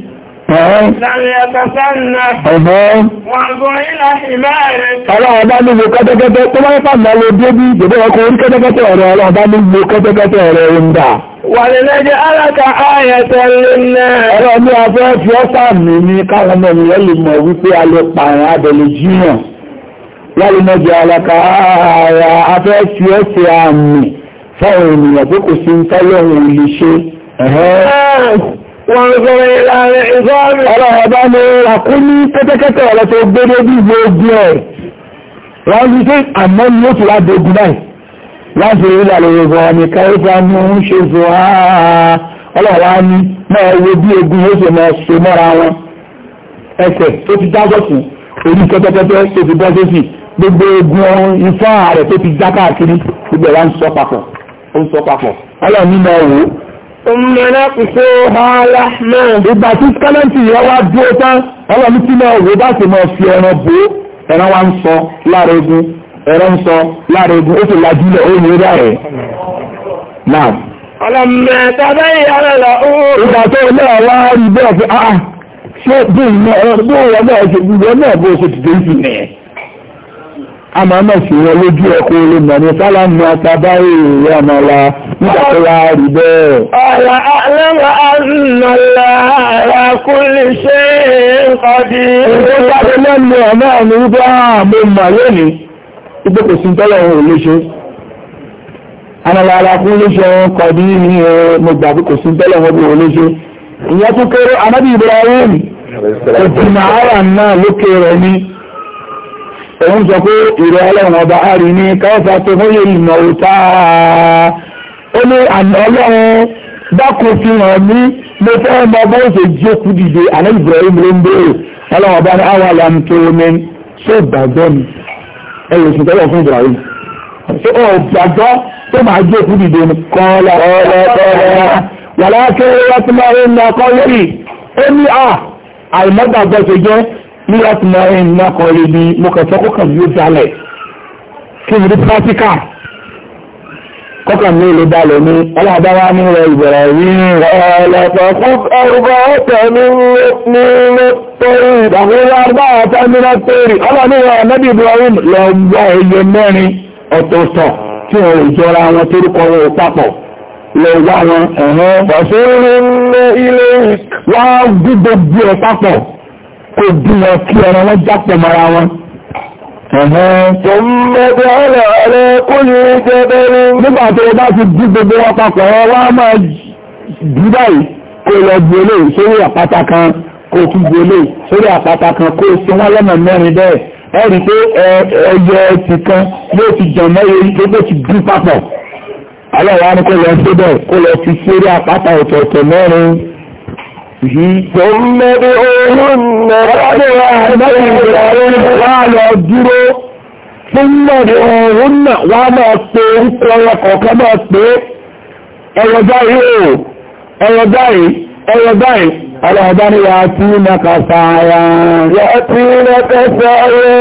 Ọlọ́run bá ní wo kẹ́tẹ́kẹ́tẹ́ tó máa ń pàdà lè dé bí ìgbèdè ọkọ̀ orí kẹ́tẹ́kẹ́tẹ́ ọ̀rọ̀ ọlọ́run bá ní wo kẹ́tẹ́kẹ́tẹ́ ọ̀rọ̀ oúnjẹ. Wà lè lẹ́jẹ́ aláka ayẹ̀tẹ̀ lẹ́nà. Ọlọ́run ní afẹ́ fi ọ́ sàmì ní káwọn ọmọ ènìyàn lè mọ̀ wípé a lè pààrọ̀ abẹ̀lẹ̀ jíyàn. Wà lè lẹ́jẹ́ aláka ayẹ̀ afẹ́ fi ọ́ sí Wọ́n rí pé àmọ́ ni ó ti wá dogun báyìí láti orílẹ̀ àlèrègbọ̀n ọmọ ìkàrífà ní oún ṣe fò àà ọlọ́wà ní máa wo bí ogun ó ṣe mọ́ ṣe mọ́ra wọn ẹsẹ̀ tó ti dájọ́ sí orí kẹ́tẹ́kẹ́tẹ́ tó ti bọ́sẹ́ sí gbogbo ogun ifá rẹ̀ tó ti dá káàkiri gbogbo ẹ̀ Ìgbà tí skálẹ́ǹtì yẹn wá dúró tán, ọlọ́mí tí náà wò bá ti máa fi ẹran bò ó, ẹran wá ń sọ lára egun, ẹran ń sọ lára egun, ó sì lajú lẹ̀ ó yẹ rẹ̀. Náà. Ọlọ́mọ tàbí ìyára lọ Ìgbà tó náà wá rí bẹ́ẹ̀ fi, ah, ah, ṣé bí ìmọ̀ ọ̀rọ̀ bí ìwọ náà bó ṣe dìde sí nìyẹn a máa mọ̀ sí wọn lójú ẹkọ olóòmọ̀ ní sálámù àtàbáyé ìrẹ́ àmàlà nígbàtọ́lá rí bẹ́ẹ̀. ọ̀rọ̀ alẹ́wà àrùnàlá ara kú lè ṣe ìkọdí. ìgbẹ́ jáde lẹ́nu ọ̀nà ní wípé àmọ́ ah, mà lónìí ipò kò sí tọ́lọ̀ òun ò lè ṣe. àmàlà ara kú eh, lè ṣe ìkọdí ní òun sọ pé ìrọ̀ ọlọ́run ọba àrí ní káwọ́fà tó fún yóò nà ó tá a ó ní àná ọlọ́run dákun fi hàn mí mo fẹ́ mọ bá ó ṣe jókù dìde àná Ibrahim ló ń béèrè ọlọ́run ọba ní àwọn àlàm tó omi ṣé ìgbàgbọ́ mi ẹ lè sùn tọ́lọ̀ fún Ibrahim ṣé ọ gbàgbọ́ tó máa jókù dìde mi kọ́ lọ́wọ́ wàlá kéré wọ́n ti máa ń nà ọkọ̀ lórí ó ní à àìmọ́gbàgbọ́ ṣe jẹ́ ní láti máa ń ná kan rí ni mo kàn sọ kọ́kàn yóò jalẹ̀ kí n rí pátíkà kọ́kàn mi ló balẹ̀ ní aláàbáwá ní rẹ ìbẹ̀rẹ̀ rí rẹ lọ́pọ̀ ọgbà ọ̀tẹ̀ ní ní torí ìdàgbéwá bá ọ̀tá nínú torí ọlọ́nìyàn nẹ́bí Ibrahim lọ gbọ́ iye mẹ́rin ọ̀tọ̀ọ̀tọ̀ tí wọ́n lè jọra wọn torúkọ wọn papọ̀ lọ wá wọn ẹ̀hẹ́ ọ̀ṣẹ́ ilé wá gbígbogbo ẹ̀ papọ̀ kó dúnà kí ẹran wọn jápọ̀ mara wọn. Tòmọ́dé ọ̀rọ̀ ọ̀rẹ́ kó ní jẹ́bẹ́ ní. Nígbà tó bá ti dí gbogbo wọn papọ̀ wọn wá máa dí báyìí kó lọ bu eléyìí sórí àpáta kan kó tún bu eléyìí sórí àpáta kan kó sí wọn lọ́nà mẹ́rin bẹ́ẹ̀. Ẹ rí pé ẹyẹ ẹtì kan yóò ti jàn mẹ́rin tó bó ti dí papọ̀. Aláwọ̀ á ní kó lọ síbẹ̀ kó lọ fi sórí àpáta ọ̀tọ̀ọ̀tọ̀ mẹ́rin. ثم دعوهن wá máa pe orúkọ ọ̀rọ̀ kọ̀ọ̀kan máa pé ọ̀rọ̀ báyìí o ọ̀rọ̀ báyìí ọ̀rọ̀ báyìí ọlọ́ọ̀bá ni wà tí mẹ́ka sára wà tí mẹ́ka sára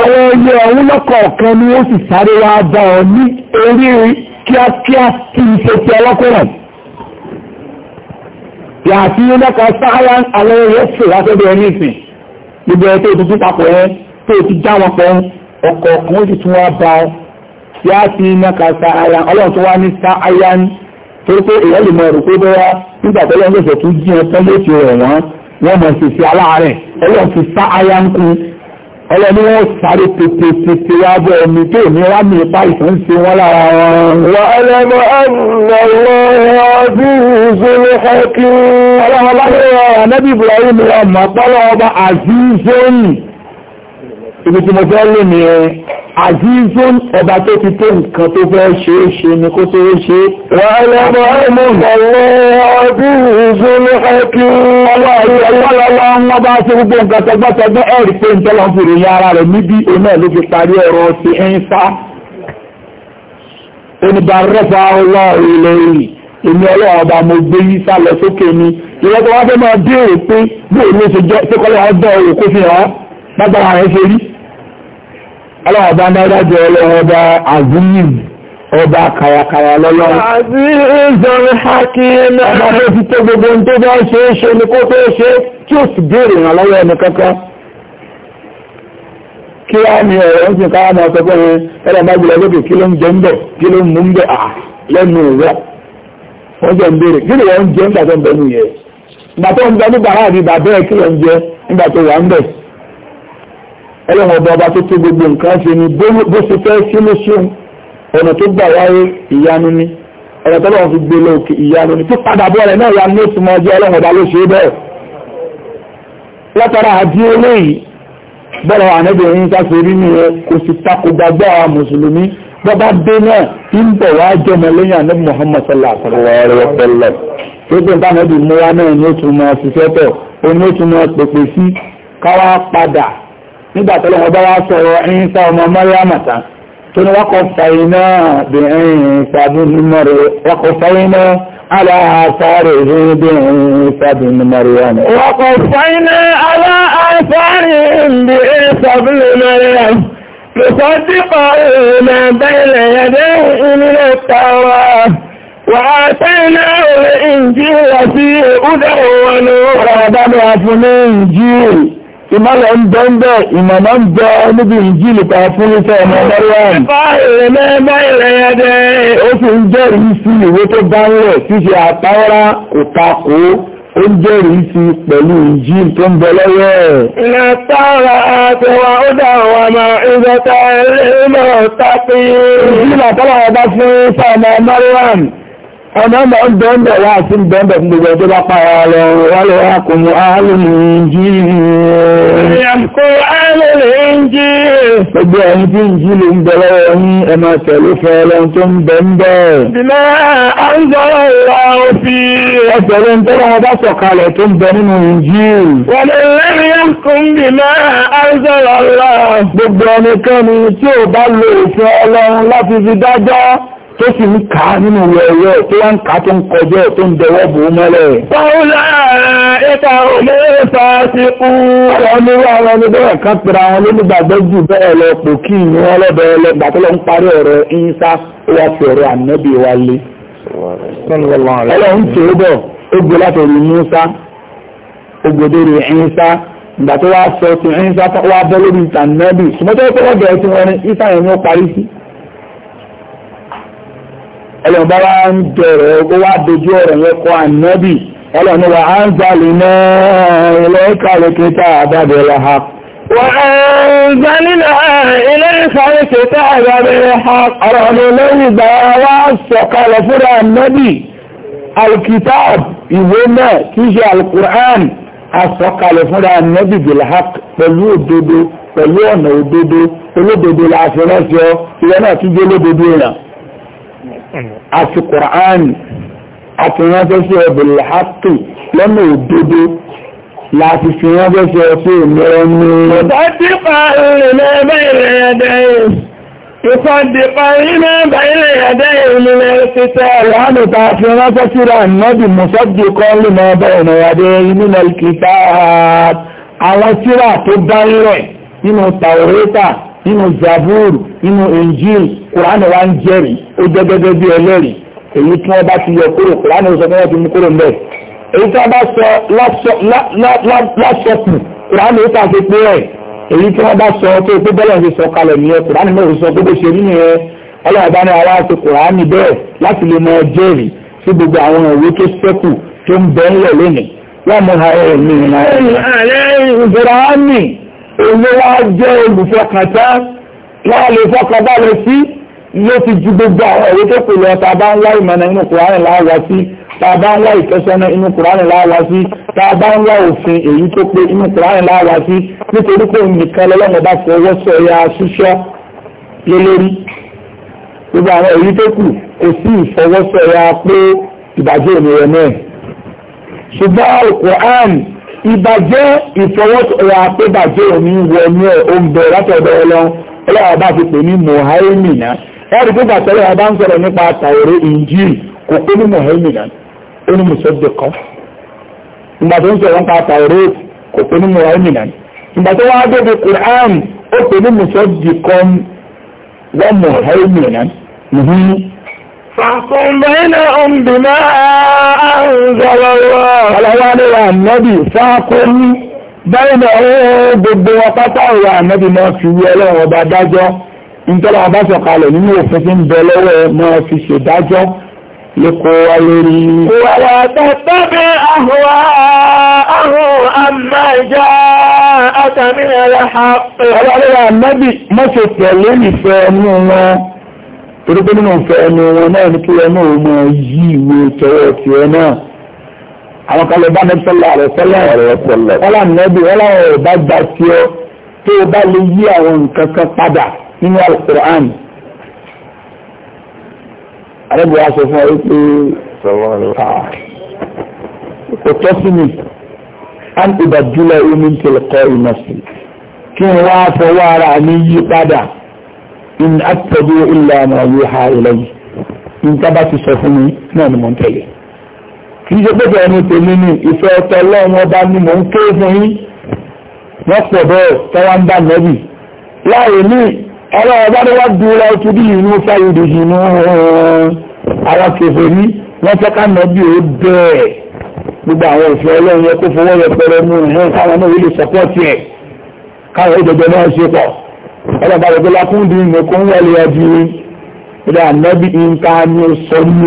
àwọn oyè ọ̀hún lọ́kọ̀ọ̀kan ni ó sì sáré wá bá ọ ní yàtí lẹ́kọ̀ọ́ sáyà àwọn ẹ̀rẹ́ ṣe lásọ́dọ̀ ẹni ìsìn gbogbo ẹ̀ tó ti tún papọ̀ ẹ̀ tó ti já wọn pẹ́ ọkọ̀ kan ó ti tún wá bá ọ yàtí lẹ́kọ̀ọ́ sáyà ọlọ́run tó wá ní sáyà tó pé èyàn lè mọ ẹ̀rù pé bẹ́ẹ̀ nígbà tó jí ẹ tán lóṣù ọlọ́ni wọ́n sáré pèpèpèpè wábọ̀ omi tó ní wá ní ipa ìsàn ṣe wọ́n lára wọn. wà ẹlẹ́mọ̀ ọ̀nàlọ́ ọdún ìṣòro ẹkí. ọlọ́wọ́ bá lè rọ ànábì Ibrahim ọmọ pọ́lọ́ ọba àzízóyìn ibi tí mo fẹ́ lónìí àzízún ọba tó ti tó nǹkan tó fẹ́ ṣe é ṣe ni kó tó ṣe rọ́lẹ́bọ̀ ẹ̀mọ̀lẹ́ ọdún ìzún ẹ̀kí ọwọ́ ìjọlọ́lọ́ wọn bá ṣe gbogbo nǹkan tẹgbọ́tẹgbọ́ ẹ̀rí pé ìjọlọ́ fèrè ní ara rẹ̀ níbi iná ló fi parí ọ̀rọ̀ ti ń sá oníbàárẹ́fà ọlọ́ọ̀rẹ́ ilẹ̀ yìí èmi ọlọ́wọ́ ọba mo gbé yí sá lọ sókè ni ìwọ́n tó wá fẹ́ máa béèrè pé bóòlù ṣe jẹ́ tó kọ́lé ọdọ́ òkú fi hàn lágbára rẹ̀ ṣe rí ọlọ́wọ́ bá dájọ́ ọlọ́wọ́ bá azim ọba kàyàkàyà lọ́lọ́wọ́. azizul hakim ọba tó ti tó gbogbo tó bá ṣe é ṣe ní kó tó ṣe tí ó sì béèrè ràn lọ́wọ́ ẹni kankan kí á ní ọ̀rọ̀ ń sìn káwà máa sọ pé ẹ̀rọ bá jùlọ lókè kí ló ń jẹ ń bẹ̀ kí ló ń mú ń bẹ̀ à lẹ́nu rẹ̀ wọ́n jẹ́ ń béèrè kí ló wọ́n jẹ́ ń gbà tó ń bẹ̀ nù yẹ ìgbà tó ń bẹ nígbà láàrin bàbá ẹ̀ kí ló ń jẹ nígbà tó wà ń bẹ̀ ọlọ́run ọba ọba tó tó gbogbo nǹkan ṣe ni bó ṣe fẹ́ sí ló ṣeun ọ̀nà tó gbà wáyé ìyanu ni ọ̀nà tó lọ́wọ́ fi gbé lóòkè ìyanu ni tó padà bọ́ rẹ̀ náà ya ní oṣù mọ́ ọjọ́ ọlọ́run ọba ló ṣe bẹ́ẹ̀ látara àdí eléyìí bọ́lá ànábìrin sáṣe rí nìyẹn kò sì takò gbàgbọ́ àwọn mùsùlùmí bọ́bá dé náà tí ń bọ̀ wá jọmọ lẹ́yìn ànábì Muhammad sallallahu alaihi wa nígbà tó lọ́wọ́ bá wá sọ̀rọ̀ ẹ̀yìn sá ọmọ mọ́ríàmà tán tó ní wọ́kọ̀ fàyínà bìnrin ìsàbínimọ̀rẹ̀ wọ́kọ̀ fàyínà aláàfáàrẹ̀ bìnrin ìsàbínimọ̀rẹ̀ wọ́kọ̀ fàyínà aláàfáàrẹ̀ bìnrin ìsàbínimọ̀rẹ̀ lùsọ́dípọ̀ ìrìnà bẹ́ẹ̀lẹ̀ yẹ́dẹ́ ìrìnà tàwà وآتيناه الإنجيل فيه هدى ونور وبدعة من إنجيل ìmọ̀lẹ̀ ń bẹ́ ń bẹ́ ìmọ̀nà ń bẹ níbi ìjìnlẹ̀ kan fún iṣẹ́ ọmọ mẹ́rẹ́wọ̀n. ó sì ń jẹ́rìí sí ìwé tó bá ń lẹ̀ ṣíṣe àtàwọ́rá kò takò ó ń jẹ́rìí sí pẹ̀lú ìjì tó ń bẹ lọ́wọ́ ẹ̀. ìlàtàrà àtiwà ó dáwà máa ìgbẹ̀ta ilé mọ̀ tápí. ìjìnlẹ̀ tọ́lá ọba fún iṣẹ́ ọmọ mẹ́rẹ́wọ̀n ọ̀nà ọmọ ọ̀dọ́ọ̀dọ̀ wá sí ìdọ́ọ̀dọ̀ fún gbogbo ẹjọ́ bá para lọ wá lọ wá kò mú alùmù jí gbogbo ẹni tí ń jí lè ń bẹ̀rẹ̀ ẹni ẹmọ tẹ̀lé fẹ́ẹ̀lẹ́ tó ń bẹ̀ ń bẹ̀ ẹ̀tẹ̀lẹ́ ń tọ́lọ́ ọba sọ̀kalẹ̀ tó ń bẹ nínú ìjí gbogbo ẹnikẹ́ni tí ò bá lo òfin ọlọ́run láti fi dájọ́ tó sì ń kà á nínú ẹ̀rọ tó wá ń kà á tó ń kọjọ́ tó ń dẹwọ́ bò ó mọ́lẹ̀. Paula ẹ̀ka olè fàásìkú. Àwọn onírú àwọn ẹni bẹ́ẹ̀ kan pèrè àwọn olónígbàgbọ́ jù bẹ́ẹ̀ lọ pò kí ìyún ọlọ́bẹ̀ ẹlẹ́gbà tó lọ ń parí ọ̀rọ̀ ìyínsá ó wá fi ọ̀rọ̀ ànábì wa lé. Ọlọ́run tó bọ̀ ó gbé láti rí Musa, ó gbòdé rí Ìyínsá, ìgbà tó wá sọ ti Ìyínsá wá bọ́ lórí ìtànẹ́bì, ṣùgbọ́n tó yẹ kó wọ́n bẹ̀rẹ̀ tí wọ́n ní Ìsá yẹn ó parí sí ọlọ́run bá wá ń bẹ̀rẹ̀ ó wá dojú ọ̀rọ̀ yẹn kọ ànábì ọlọ́run wà á ń zàlì náà ilẹ̀-ìkàlẹ̀ kẹta àbábẹ̀rẹ̀ ha wà á ń zàlì náà ilẹ̀-ìkàlẹ̀ kẹta àbábẹ̀rẹ̀ ha ọlọ́run lẹ́yìn ìgbà wá sọ̀kalẹ̀ fúnra ànábì alkitab ìwé náà tí í ṣe alkur'an asọ̀kalẹ̀ fúnra ànábì bilhaq pẹ̀lú òdodo pẹ̀lú ọ̀nà òdodo olódodo la ìwé náà tún jẹ́ olódodo ìràn àti kùránì àti ránṣẹ́ sí ẹ̀bùn làákì lọ́nà òdodo láti fi ránṣẹ́ sí ẹ̀fẹ́ ìmọ̀ràn ní ọ̀dá tí pàálù lẹ́bẹ̀ ìrẹ̀yẹ̀dẹ̀ ìfọ́dìpá iná bàílẹ̀ ẹ̀dẹ́ ìlúlẹ̀ títẹ́ ìwádìí ta fi ránṣẹ́ síra nọ́bì mùsọ́dì kan lè máa bẹ̀rẹ̀ ìrìnàjò ìlúlẹ̀ kìtà àwọn síra tó dá rẹ̀ nínú tàwọ̀rẹ́ta nínú zabur nínú injil quran wa ń jẹ́rìí ó jẹ́ gẹ́gẹ́ bí ẹlẹ́rìí èyí tí wọ́n bá ti yọ kúrò quran sọ pé wọ́n ti mú kúrò ń bẹ̀ èyí tí wọ́n bá sọ lásọ̀kù quran ó tàbí pé ẹ̀ èyí tí wọ́n bá sọ tó pé bọ́lá ti sọ kalẹ̀ nìyẹn quran mẹ́rin sọ pé bó ṣe rí nìyẹn ọlọ́ọ̀bá ní ara ti quran bẹ́ẹ̀ láti lè mọ jẹ́rìí sí gbogbo àwọn òwe tó sẹ́kù tó ń bẹ ńlẹ̀ lónìí wọ́n mú èmi wá jẹ́ olùfọkàntá wọ́n lè fọkànbalẹ̀ sí ló ti ju gbogbo àwọn ẹ̀rí tó kù lọ tá a bá ń wá ìmọ̀nà inú kùránì láwá sí tá a bá ń wá ìtọ́sọ́nà inú kùránì láwá sí tá a bá ń wá òfin èyí tó pé inú kùránì láwá sí nítorí pé nìkan lọ́lọ́mọ bá fọwọ́ sọ̀yà ṣíṣọ́ lé lórí gbogbo àwọn èyí tó kù kò sí ìfọwọ́sọ̀yà pé ìbàjẹ́ ènìyàn náà ṣùgbọ́n Al-Kùránì ìbàjẹ́ ìfọwọ́sọ̀rọ̀ àpébàjẹ́ òní wọnú ẹ̀ oúnjẹ látọ̀dọ̀ ọlọ́run ọlọ́run bá ti pè ní mohaimina ẹ̀rí tó gbà tẹ́lẹ̀ ọba ń sọ̀rọ̀ nípa àtàwòrán injiri kò pé ní mohaimina ó ní mùsọ̀dẹ̀kọ́ ìgbà tó ń sọ̀rọ̀ nípa àtàwòrán kò pé ní mohaimina ìgbà tó wá débi Qur'an ó pè ní mùsọ̀dẹ̀kọ́ wọ́n mohaimina فاحكم بينهم بما أنزل الله فلوان يا النبي فاحكم بينهم بالدوقة يا النبي ما في ولا وبدجة ìjọba àbáṣọ̀kalẹ̀ nínú òfin tí ń bẹ lọ́wọ́ máa fi ṣèdájọ́ lè kó wa lórí wàwà tàbí àhùwà àhùn àmà ìjà àtàmìnà rẹ̀ ha pẹ̀lú ọlọ́rẹ̀ àmẹ́bì mọ́ṣẹ̀ pẹ̀lú ìfẹ́ ẹnu wọn torí pé nínú ìfẹ́ ẹnu wọn náà ní kí ẹ náà mọ yí ìwé tọwọ́ ti ẹ náà àwọn kan lè bá nẹ́bí sọ́lá rẹ̀ sọ́lá rẹ̀ sọ́lá nẹ́bí ọlá rẹ̀ bá gba sí ọ tó o bá lè yí àwọn nǹkan kan padà nínú alukur'an. àrẹ́bù wa sọ fún ọ wípé ah, kò tọ́ sí mi an ìbàjúlẹ̀ omi tẹ̀lẹ̀kọ́ ìmọ̀sí kí n wá fọwọ́ ara mi yí padà in atọ́jú ilẹ̀ àmà yóò ha ìlẹ́yìn in tábà ti sọ fún mi náà ni mò ń tẹ̀lé kì í ṣe pé bẹ́ẹ̀ ni tèmi ni ìfẹ́ ọ̀tọ̀ ọlọ́run ọba ni mò ń ké fún yín wọ́n pọ̀ bẹ́ẹ̀ tọ́wá ń bá nẹ́bì láàyè ní ọlọ́run ọba wá du ra ojú bí inú fáyidì inú àwọn kẹfẹ́ ní wọ́n fẹ́ ká nẹ́bì ó bẹ́ẹ̀ gbogbo àwọn òfin ọlọ́run yẹ kó fowó rẹ̀ pẹ̀rẹ̀ mú un káwọn náà wọlé sọ́pọ́ọ̀tì ẹ̀ káwọn ìdọ̀gbẹ́ náà ṣe pọ̀ ọlọ́pàá rẹ̀ pé lákúndín wọlé ọdún ilé ànábì nǹkan ni ó sọ ní